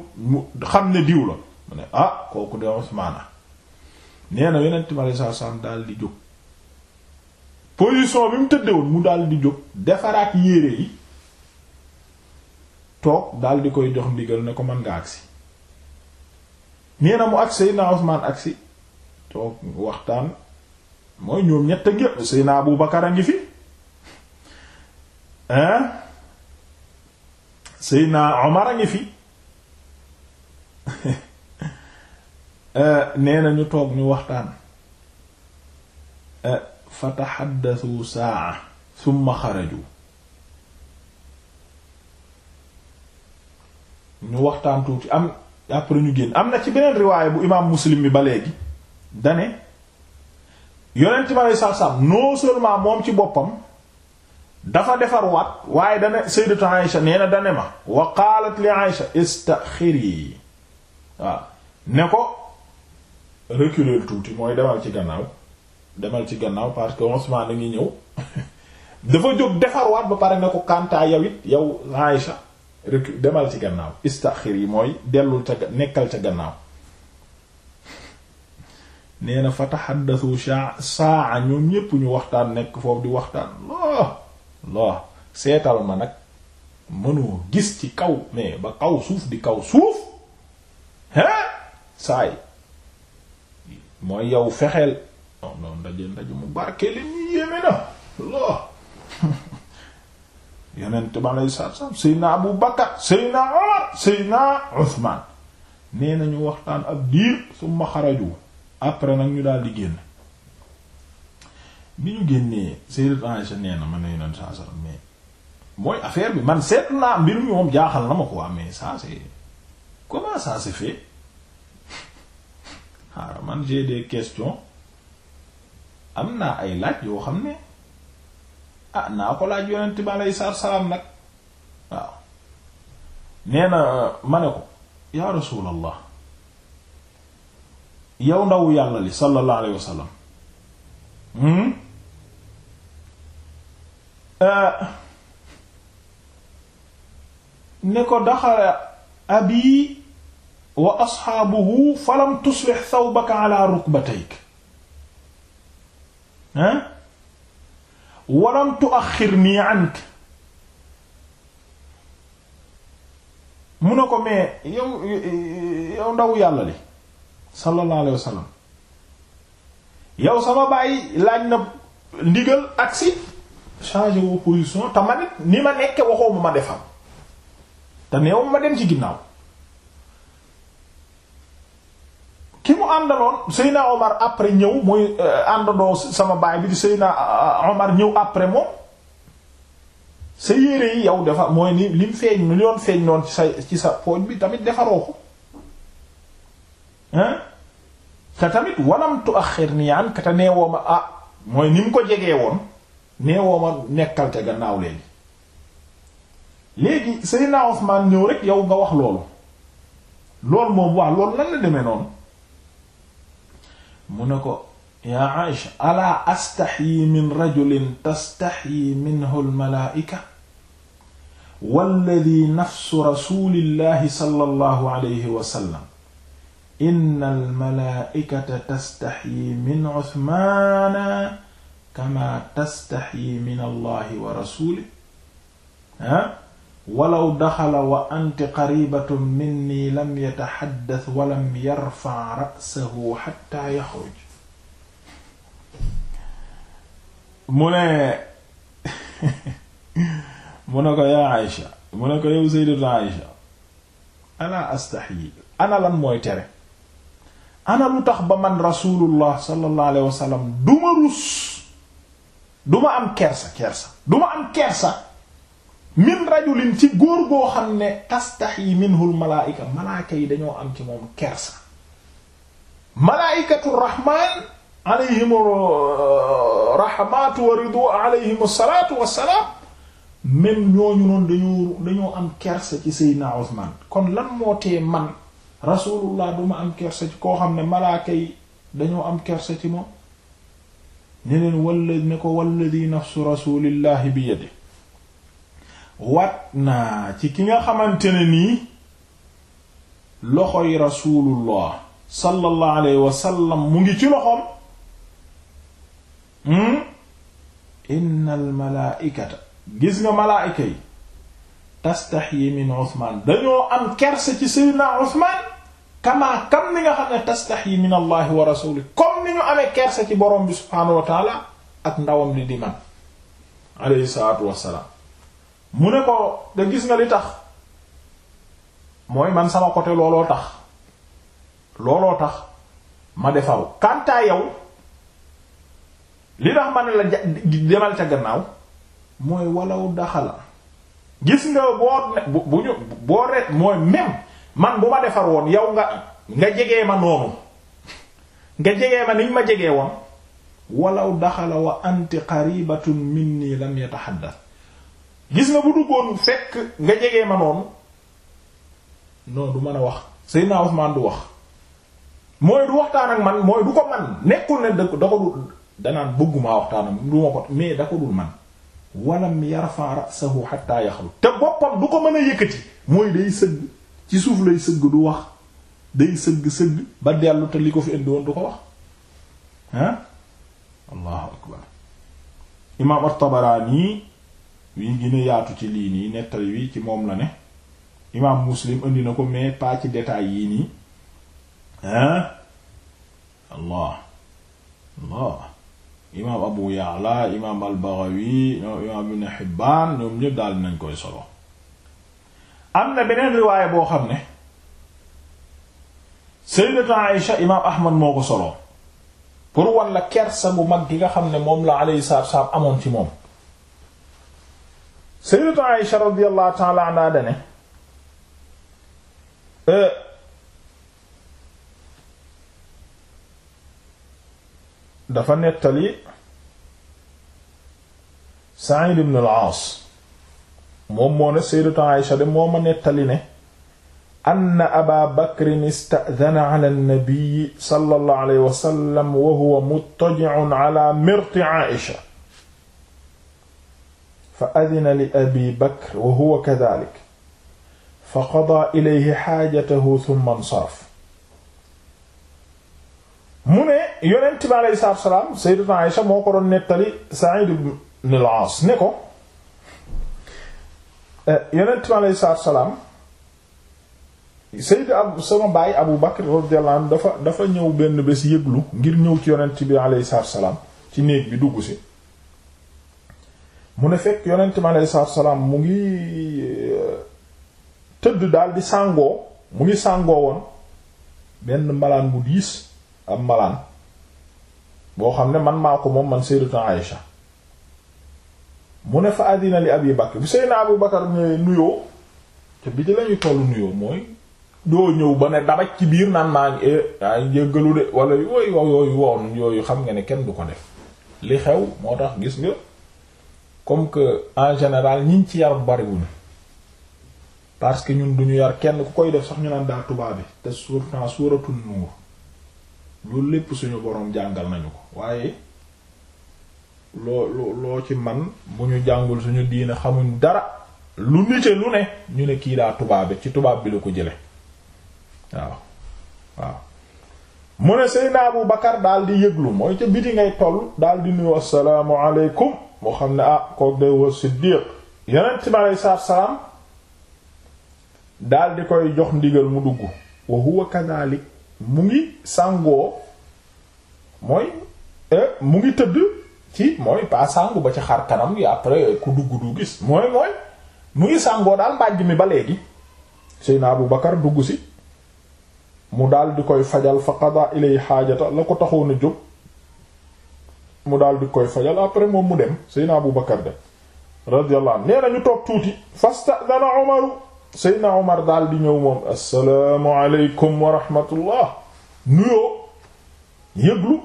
xam ne diw la mu ne ah kooku de usmaana neena na yonent mi aleyhi salaatu di jóg position bi mu tëddewoon mu daal di jóg defaraat yére yi toog daal di koy jox ndigal ne ko mën nga agsi nee na mu agsi Seydina Usmaan agsi toog waxtaan mooy ñoom ñett a ngi Seydina Abu Bakar a ngi fi hein Seydina Omar a ngi fi [laughs] Eh, nee na ñu toog ñu waxtaan eh, fa taxaddasu saa summa xaraju waxtaan tuuti am après ñu génn am na ci beneen riwaaya bu imaam muslim bi ba léegi dane yonent ma lay saab-saab non seulement moom ci boppam dafa defar waat waaye dane sayyidatu Aïsha nee dane ma wa qaalat li Aïsha istaxiri ne ko reculer tuuti mooy demal ci gannaaw demal ci gannaaw parce que Usmaan da ngi ñëw [laughs] dafa jóg defarwaat ba pare ne ko kantaa yow it yow Aïcha recul demal ci gannaaw istaxir yi mooy dellul ca nekkal ci gannaaw [laughs] nee na fa taxaddasu saa saa ñoom ñépp ñu waxtaan nekk foofu di waxtaan loo loo seetal ma nag mënoo gis ci kaw mais ba kaw suuf di kaw suuf hein saay mooy yow fexeel non non ndaje mu barke li ñu yéeme na loo yeneen te ma lay saab saab Seydina Abu Bakar Seydina Omar Seydina Usmaan nee nañu waxtaan ak diir summa xaraju après nag ñu daal di génn bi ñu génnee Sayyidatu Aisha nee na man ne yeneen saa saa mais mooy affaire bi man seet naa mbir moom jaaxal na ma ko amee ça c'est comment ça se fait xaaral man j'ai des questions am naa ay laaj yoo xam ne ah naa ko laaj yonent bi salaam nag waaw nee na ma ne ko yaa rasuulallah yow ndaw yàlla li sallallahu alayhi wa sallam hmm? eh, ko daxala abi wa asxaabuhu falam tuslix thawbaka ala rukbatayk ah walam tuaxirnii ank mu ne ko mais yow yow ndaw yàlla li sallallahu alayhi wa sallam yow sama bàyyi laaj na ndigal agsi changer wu position te ni ma nekke waxoo ma ma defal te ma dem ci ginnaaw ki mu àndaloon Seyna Omar après ñëw mooy euh, àndandoo sama baay bi sëy naa euh, Omar ñëw après moom sa yére yi yow dafa mooy ni lim feeñ ni loon feeñ noon ci sa ci sa pooj bi tamit defaroo ko te tamit wanamtu axir niyaan kate neewoo ma ah mooy ni mu ko jegee woon neewoo ma nekkal te gannaaw léegi léegi Seyna Ousmane ñëw rek yow nga wax loolu loolu moom wax loolu lan la demee noonu mu ne ko yaa Aïcha alaa astaxyi min rajulin tastaxyi minhu almalaaika walladi nafsu rasulillahi sallallahu alayhi wa sallam inna almalaaikata tastaxyi min Usmaana kama tastaxyi min allahi wa rasulihi ha walaw daxala wa anti qaribatun minni lam yataxaddas walam yarfa rasahu xatta yaxruj mu ne [laughs] mu ne ko yaa Aïcha mu ne ko yow sayyidatu Aïcha ana astaxyi ana lan mooy tere ana lu tax ba man rasulullah sallallahu alayhi wasallam duma rus duma am kersa kersa duma am kersa min rajulin ci góor goo xam ne tastaxyi minhu l malaayika malaaka yi dañoo am ci moom kersa malaayikatu rahman alayhim uh, rahmatu wa ridu alayhim même ñooñu noonu dañoo am kersa ci Seydina Usmaan kon lan moo tee man rasulullah duma am kersa ci koo xam ne malaaka yi dañoo am kersa ci moom ñeneen walla ne ko walladi nafsu rasulillahi bi yadihi wat naa ci ki nga xamante ne nii loxoy rasulullah sallallahu alayhi wasallam mu ngi ci loxoom hmm? innal malaaikata gis nga malaayika yi tastaxyi min Usmaan dañoo am kersa ci sayyidina Usmaan kamaa kam ni nga xam ne tastaxyi min allahi wa rasuli comme ni ñu amee kersa ci borom bi subhaanahu wa taala ak ndawam di di man alayhi salaatu wassalaam mu ne ko da gis nga li tax mooy man sama côté looloo tax looloo tax ma defaru kantaa yow li tax ma ne la demal ca gannaaw mooy walaw daxala gis nga boo bu ñu boo ret mooy même man bu ma defar woon yow nga nga jege ma noonu nga jegee ma niñ ma jegee woon walaw daxala wa anti qaribatun minni lam yataxaddath gis nga bu duggoon fekk nga jege ma noonu non du mën a wax Seydina Usmaan du wax mooy du waxtaan ak man mooy du ko man nekkul ne da ko dul danaan bëggumaa waxtaan ak du ma ko mais da ko dul man walam yarfa te boppam du ko mën a yëkkati mooy day sëgg ci suuf lay sëgg du wax day sëgg-sëgg ba dellu te li ko fi indi du ko wax ah allahu akbar imam at-Tabarani wii gën a yaatu ci lii nii nettali wi ci moom la ne imaam muslim indi na ko mais paa ci détail yii nii hein allah allah imaam abu ya'la imaam al imaam ibn hibbaan ñoom ñëpp daal nañ koy solo am na beneen boo xam ne sayyidatu aisha imaam ahmad moo ko solo pour wan la kersa bu mag gi nga xam ne moom la alayhi salaatu wa amoon ci moom sayyidatu Aisha radiyallahu ta'ala anha dane e, dafa nettali Sa'id ibn al-Aas moom moo ne sayyidatu Aisha de moo ma nettali ne anna aba bakrin ista'dhana ala an-nabi sallallahu alayhi wa sallam wa huwa muttaji'un ala mirti Aisha fa adina li abi bakr wa huwa kadalik fa qadaa ilayhi xaajatahu thumma nsaraf mu ne yonent bi aleyhi salaam sayyidatu Aïsha moo nettali Sa'id ibn ne ko eh, yonent bi aleyhi salaatu Abu sama baay Abu Bakr radiyallahu anhu dafa ñëw benn bés yëglu ngir ñëw ci yonent bi aleyhi salaatu wa salaam ci néeg bi dugg si mu ne fekk yonent mi aleyhi mu ngi euh, tëdd daal di sàngoo mu ngi sàngoo woon benn mbalaan bu diis ab mbalaan boo xam ne man maa ko moom man Sayyidatu Aïsha mu ne fa àddina li Abi Bakr bu Seydina Abu Bakr ñëwee nuyoo te bi ci lañuy tollu nuyoo mooy doo ñëw ba ne dabaj ci biir naan maa ngi eh, ay de wala yooyu yooyu yooyu xam nga ne kenn du ko def li xew moo tax gis nga comme que en général ñiñ ci yar bariwuñu parce que ñun duñu yar kenn ku koy def sax ñu naan daa tubaab bi te surtout suuratul nuur loolu lépp suñu boroom jàngal nañu ko waaye loo loo ci man bu ñu jàngul suñu diine xamuñ dara lu nite lu ne ñu ne kii daa tubaabe ci tubaab bi la ko jële waaw waaw mu ne Seydina Abu Bakar daal di yëglu mooy ca biti ngay toll daal di nuyu assalaamu aleykum moo xam ne ah kook day wër Siddiq yonent bi aleyhi salaatu salaam di koy jox ndigal mu dugg wa huwa mu ngi sàngoo mooy eh, mu ngi tëdd ci mooy pas sàngu ba ci xar kanam gi après ku dugg du gis mooy mooy mu ngi sàngoo daal mbàjj mi ba léegi Seydina Abu Bakar dugg si mu daal di koy fajal fa qada ilay xaajata la ko taxoon a jóg mu daal di koy fajal après moom mu dem Seydina Abu Bakar dem radiyallahu anhu nee na ñu toog tuuti fasta'dana Umaru Seydina Umar daal di ñëw moom assalaamu aleykum wa rahmatullah nuyoo yëglu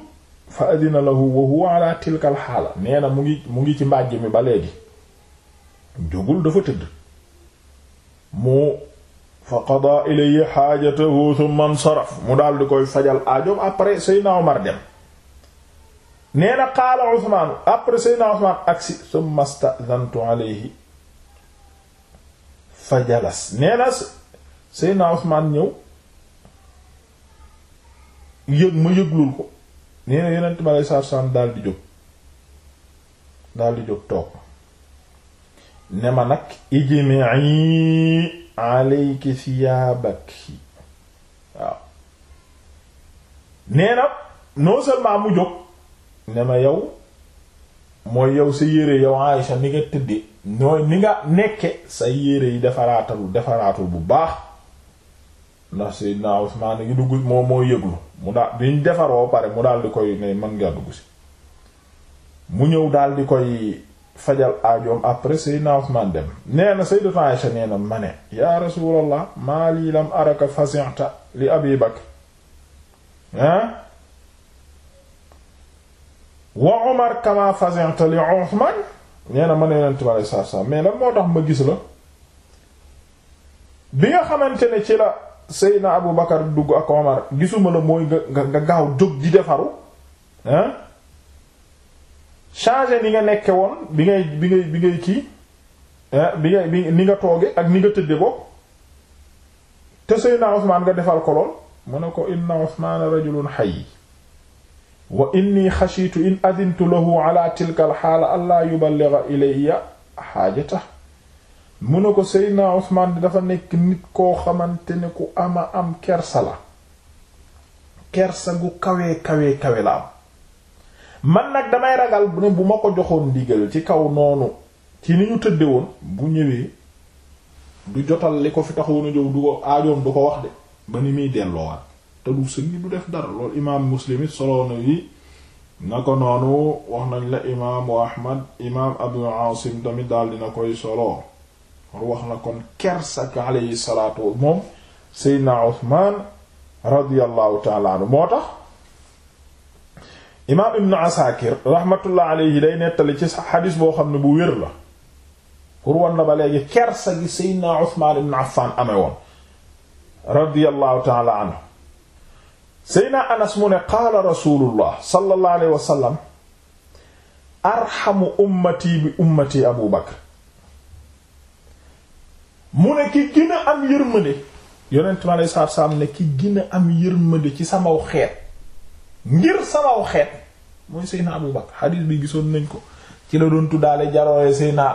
fa adina lahu wa huwa ala tilka al xaala nee mu ngi mu ngi ci mbàjj mi ba léegi dafa tëdd mu fa qada ilayhi xaajatahu thumma nsaraf mu daal di koy fajal aajoom après Seydina Umar dem nee na qaala Usmaan après Seydina Usmaan aksi thumma sta'dhantu alayhi fa jalas nee na Seydina ñëw yëg ma yëglul ko nee na Yonent bi alayhi salaatu daal di jóg daal di jóg toog ne ma nag ijmi'i alayki thiyaabaki waaw nee na non seulement mu jóg ne ma yow mooy yow sa yére yow Aïcha ni nga tëdde nooy ni nga nekke sa yére yi defaraatul defaraatul bu baax ndax Seydina Usmaan yi dugg moo moo yëglu mu daal biñ defaroo pare mu daal di koy ne mën nga dugg si mu ñëw daal di koy fajal aajoom après Seydina Usmaan dem nee na Sayyidatu Aïcha nee na ma ne yaa Rasuulallah maa lii araka fasi'ta li Abi Bakr hein wa Umar kama fazinta li Uthman nee na ma ne leen tubaab mais lan moo tax ma gis la bi nga xamante ne ci la Seydina Abu Bakar dugg ak Omar gisuma la mooy nga nga gaaw jóg di defaru ah changer ni nga nekke woon bi ngay bi ngay bi kii bi ngay bi ni nga tooge ak ni nga tëdde bopp te Seydina Usmaan nga defal ko lool mu ne ko inna Usmaan rajulun hayy wa inni xashiitu in adintu lahu ala tilka alxaala allaa yuballiga ilayya xaajata mu ne ko seydna Usmaan dafa nekk nit koo xamante ne ku ama am kersa la kersa gu kawe kawe kawe la am man nag damay ragal ne bu ma ko joxoon ndigal ci kaw noonu ci ni ñu tëdde woon bu ñëwee du jotal li ko fi taxoon a jow du ko aajoom du ko wax de ba ni muy delloowaat te du sëgg du def dara loolu imaam muslim it solo na yi na ko noonu wax nañ la imaam abu asim tamit daal dina koy solo wax na kon kersak alayhi salaatu moom seydna uthman radiallahu taala anhu moo tax imaam ibnu asakir rahmatullah alayhi day nettali ci xadis boo xam ne bu wér la pour wan na ba léegi kersa gi ibnu affan amee woon radiallahu taala anhu Seydina Anas mu ne qaala rasulullah sallallahu alayhi wa sallam arxamu ummati bi ummati Abu Bakr mu ne ki gën a am yërmande yonent mi salaam ne ki gën am yërmande ci samaw xeet ngir samaw xeet mooy Seydina Abu Bakr xadiis bi gisoon nañ ko ci la doon tuddaale jarooye Seydina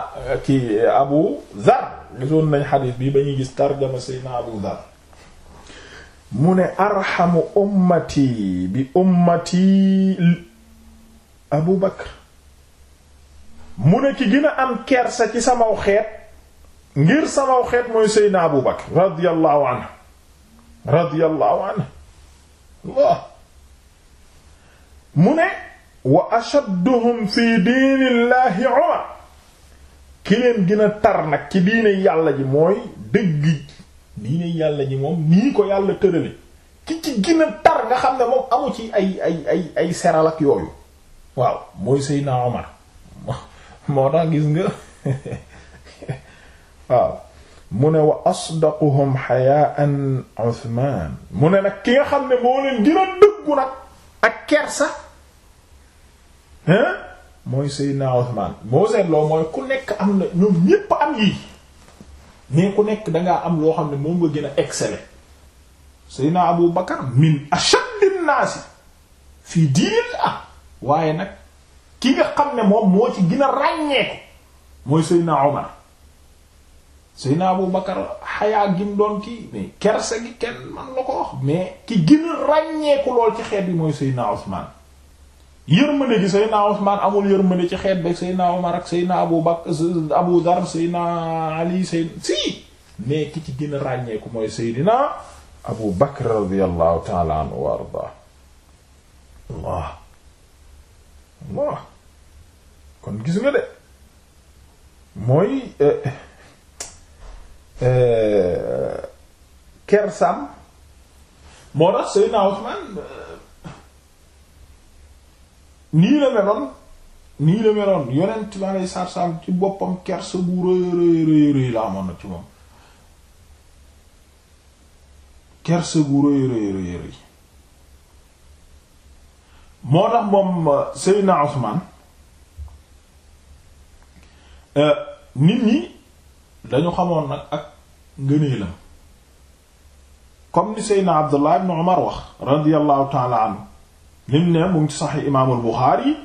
ki Abu Zar gisoon nañ xadiis bii ba ñuy gis tarjama Seydina Abu Zar mu ne arxamu ummati bi ummati abu bakar mu ne ki gën a am kersa ci samaw xeet ngir samaw xeet mooy seydna abu bakar radiyallahu anhu radiyallahu anhu Allah mu ne wa ashadduhum fi diinillahi umar ki leen gën tar nag ci diine yàlla ji mooy dëgg diine yàlla ji moom nii ko yàlla tërale ki ci gën a tar nga xam ne moom amu ci ay ay ay ay seral ak yooyu waaw mooy Seydina Omar [laughs] moo tax gis nga [laughs] waaw mu mu ne nag ki nga xam ne moo leen mooy Seydina Usmaan moo ku nekk am na ñoom ñépp am yii mais ku nekk dangaa am loo xam ne moom nga gën a exceller Seydina Abu Bakar min ashaddin naasi fii diinillah waaye nag ki nga xam ne moom moo ci gën a ràññeeku mooy Seydina Omar Seydina Abu Bakar xayaa gim doon kii mais gi kenn man la ko wax mais ki gën a ràññeeku lool ci xeet bi mooy Seydina Usmaan yërmande gi Seydina Usmaan amul yërmande ci xeet Seydina Umar Seydina Abu Bakr Abu Dar Seydina Ali Seydina si mais ki ci gën a ràññeeku mooy Seydina Abu Bakr radiyallahu ta'ala anhu wa kon gis nga de mooy eh, eh, kersam moo tax Seydina Usmaan nii la meloon nii la meloon yonent ma lay sarsam ci boppam kersa bu rëy rëy rëy la amoon na ci moom kersa bu rëy rëy rëy moo tax moom euh, Seydina Usmaan euh, nit ñi dañu xamoon nag ak ngëneelam comme ni Seydina Abdullah ibn Umar wax radiyallahu ta'ala anhu lim ne mu ngi ci saxi imaamul Buxaari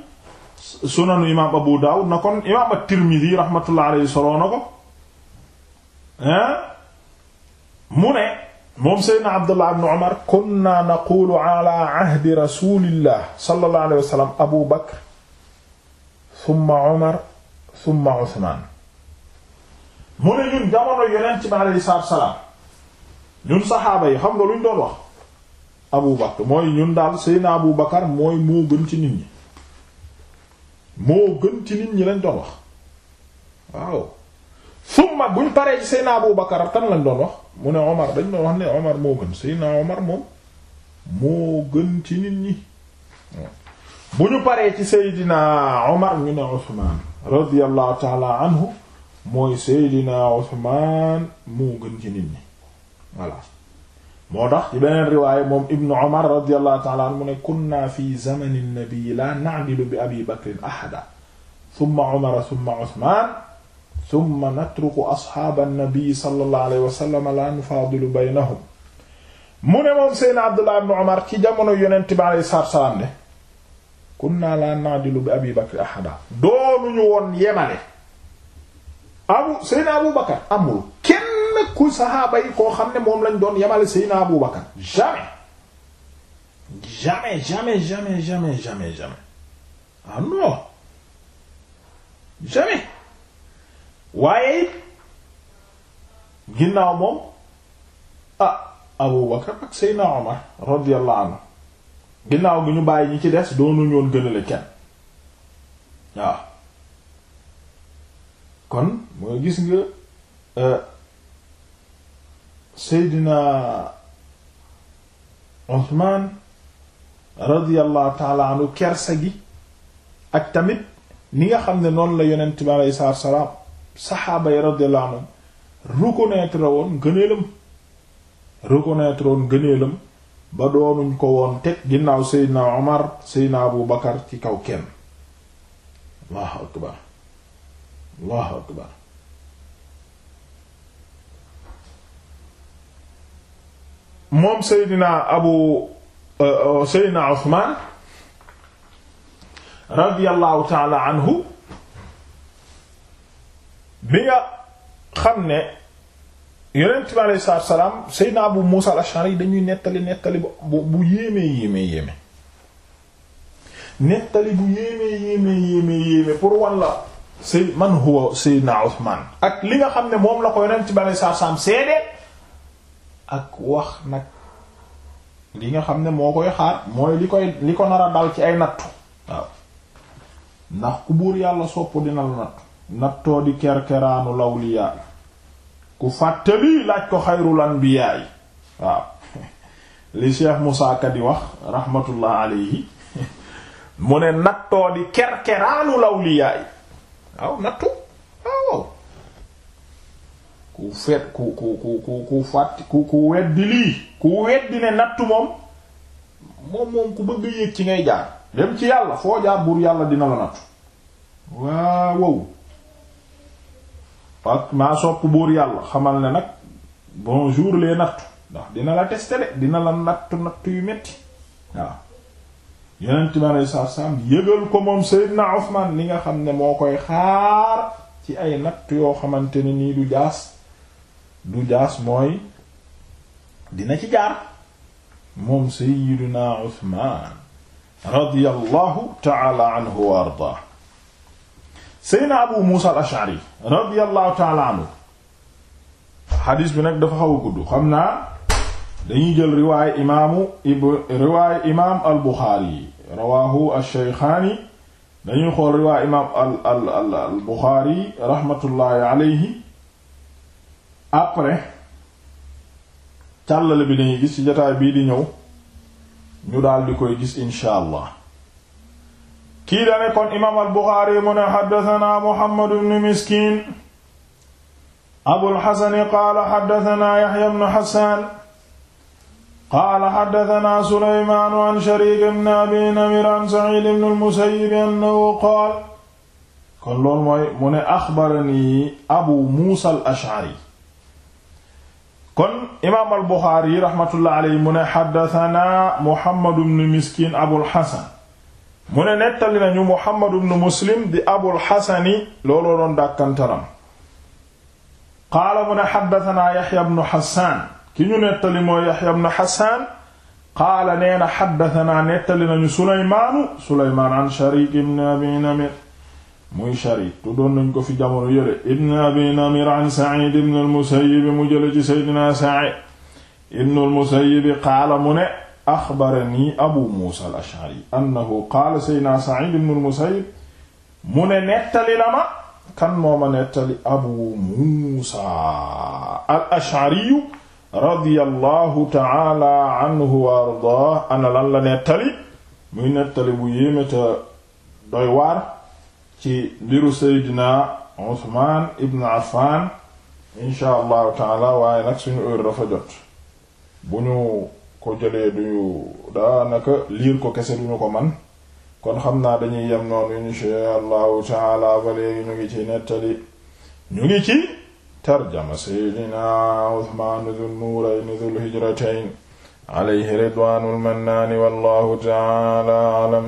sunanu imaam Abu Daawud na kon imaam at-Tirmidhi rahmatullah alayhi soloo na ko mu ne moom Seydina Abdullah ibn Umar kunna naqulu ala ahdi rasulillah sallallahu alayhi wa sallam Abu Bakr thumma Umar thumma Uthman mu ne ñun jamono yonent bi alayhi salaam ñun saxaaba yi xam nga luñ doon wax Abu Bakr mooy ñun daal Seydina Abu Bakar mooy moo gën ci nit ñi moo gën ci nit ñi lañ doon wax waaw summa buñ paree ci Seydina Abu Bakar kan lañ doon wax mu ne Omar dañ doon wax ne Omar moo gën Seydina ci nit ñi bu ñu paree ci Seydina Omar ñu ne Usmaan radiyallahu ta'ala mooy Seydina Usmaan moo gën ci nit ñi voilà moo tax ci beneen riwaaya moom ibnu omar radiallahu taala anhu mu ne kunna fi zamani nnabii la na'dilu bi abi bakrin ahada summa omara summa usman summa natruku asxaaba nnabii sallallahu alayhi wa sallam la nufaadilu baynahum mu ne moom seydna abdullah ibnu omar ci jamono yonent bi alayhi salaatu salaam ne kunna la na'dilu bi abi bakrin ahada doonuñu woon yemale abu seydna abu bakar amul ku saxaaba yi koo xam ne moom lañ doon yemale Seydina Abu Bakar jamais jamais jamais jamais jamais jamais jamais ah non jamais waaye ginnaaw moom ah Abu Bakar ak Seydina Omar radiyallahu ginnaaw gi ñu bàyyi ñi ci des doonuñu woon gënale kenn waaw kon mooy gis nga euh, seydina Usmaan radiyallahu taala anhu gi ak tamit ni nga xam ne noonu la yonent bi aleyhi salaatu salaam saxaaba yi radiyallahu anhum woon gëneelam reconnaître woon gëneelam ba doonuñ ko woon teg ginnaaw seydina Omar seydina Abu Bakar ci kaw kenn Allahu akbar Allahu akbar moom Seydina Abu euh, euh, Seydina Usmaan radiyallahu xam ne yonent bi alayhi salaatu wa Abu Muusa al-Ash'ari dañuy nekkali nettali bu bu yéeme yéeme yéeme bu yéeme yéeme pour wan la say man ak li nga xam ne moom la ko yonent bi alayhi seede ak wax nag li nga xam ne moo koy xaar mooy li koy li ko nar a dal ci ay nattu waaw ndax ku buur yàlla sopp dina la nattu nattoo di kerkeraanu lawliyaa ku fàttali laaj ko xayrul anbiyaa waaw [laughs] li Cheikh Moussa di wax rahmatullah alayhi [laughs] mu ne nattoo di kerkeraanu lawliyaa waaw nattu ku fet ku ku ku ku ku fàtti ku ku weddi lii ku weddi ne nattu moom moom moom ku bëgg yéeg ci ngay jaar dem ci yàlla foo jaar buur yàlla dina la nattu waawow ak maa sopp buur yàlla xamal ne nag bonjour les nattu ndax dina la tester de dina la nattu nattu yu metti waaw yonent bi alei saatu yëgal ko moom Seydina Usmaan li nga xam ne moo koy xaar ci ay natt yoo xamante ne nii du jaas du jaas mooy dina ci jaar moom sayyiduna Usmaan radiyallahu ta'ala anhu wa ardaa sayyidina Abu Muusa al-Ash'ari radiyallahu ta'ala anhu xadiis bi nag dafa xaw a gudd xam naa dañuy jël riwaaya imaamu riwaaya imaam al-Buxaari rawaahu ash-Shaykhaani dañuy xool riwaaya imaam al al al al Buxaari raxmatullaahi alayhi après càllale bi dañuy gis ci jotaay bii di ñëw ñu daal di koy gis insha allah kii dane kon imaam al buxaari mu ne xaddatanaa muhammadu bnu miskiin abulxasani qaala xaddatanaa yaxya bnu xasaan qaala xaddatanaa suleymaanu an shariik bnu abi namir an saciid bnu lmusayyib annahu qaal kon loolu mooy mu ne axbarani abu muusa al ashcari kon imaam al Buxaari rahmatullah aleyhi mu ne xaddatanaa Muhammad ibn Miskiin Abul Xasan mu ne nettali nañu Muhammad ibn Muslim di Abul Xasani looloo doon dàkkantaram qaala mu ne xaddatanaa Yaxya ibn Xasaan ki ñu nettali mooy Yaxya ibn Xasaan qaala nee na xaddatanaa nettali nañu Sulaymaanu Sulaymaan an Shariik ibn Abi Namir muy Sharik tuddoon nañ ko fi jamono yële ibn abi namir an Sa'id ibn al-Musayyib mu jële ci Seydina Sa'id ibn al-Musayyib qaala mu ne axbarani Abu Muusa al-Ash'ari annahu qaala Seydina Sa'id ibn al-Musayyib mu ne nettali la ma kan moo ma nettali Abu Muusa al-Ash'ari radiyallahu ta'ala anhu wa ardaah ana lan la nettali muy nettali bu yéeme te doy waar ci mbiru Seydina Usmaan ibn Affan waaye nag suñu heure dafa jot bu ñu ko jëlee duñu daanaka liir ko kese duñu ko man kon xam naa dañuy yem noonu insha allahu taala ba léegi ñu ngi ci nettali ñu ngi ci tarjama Seydina Usmaan dhul nuurayn dhul hijratayn alayhi ridwaanul mannaani wallahu taala alam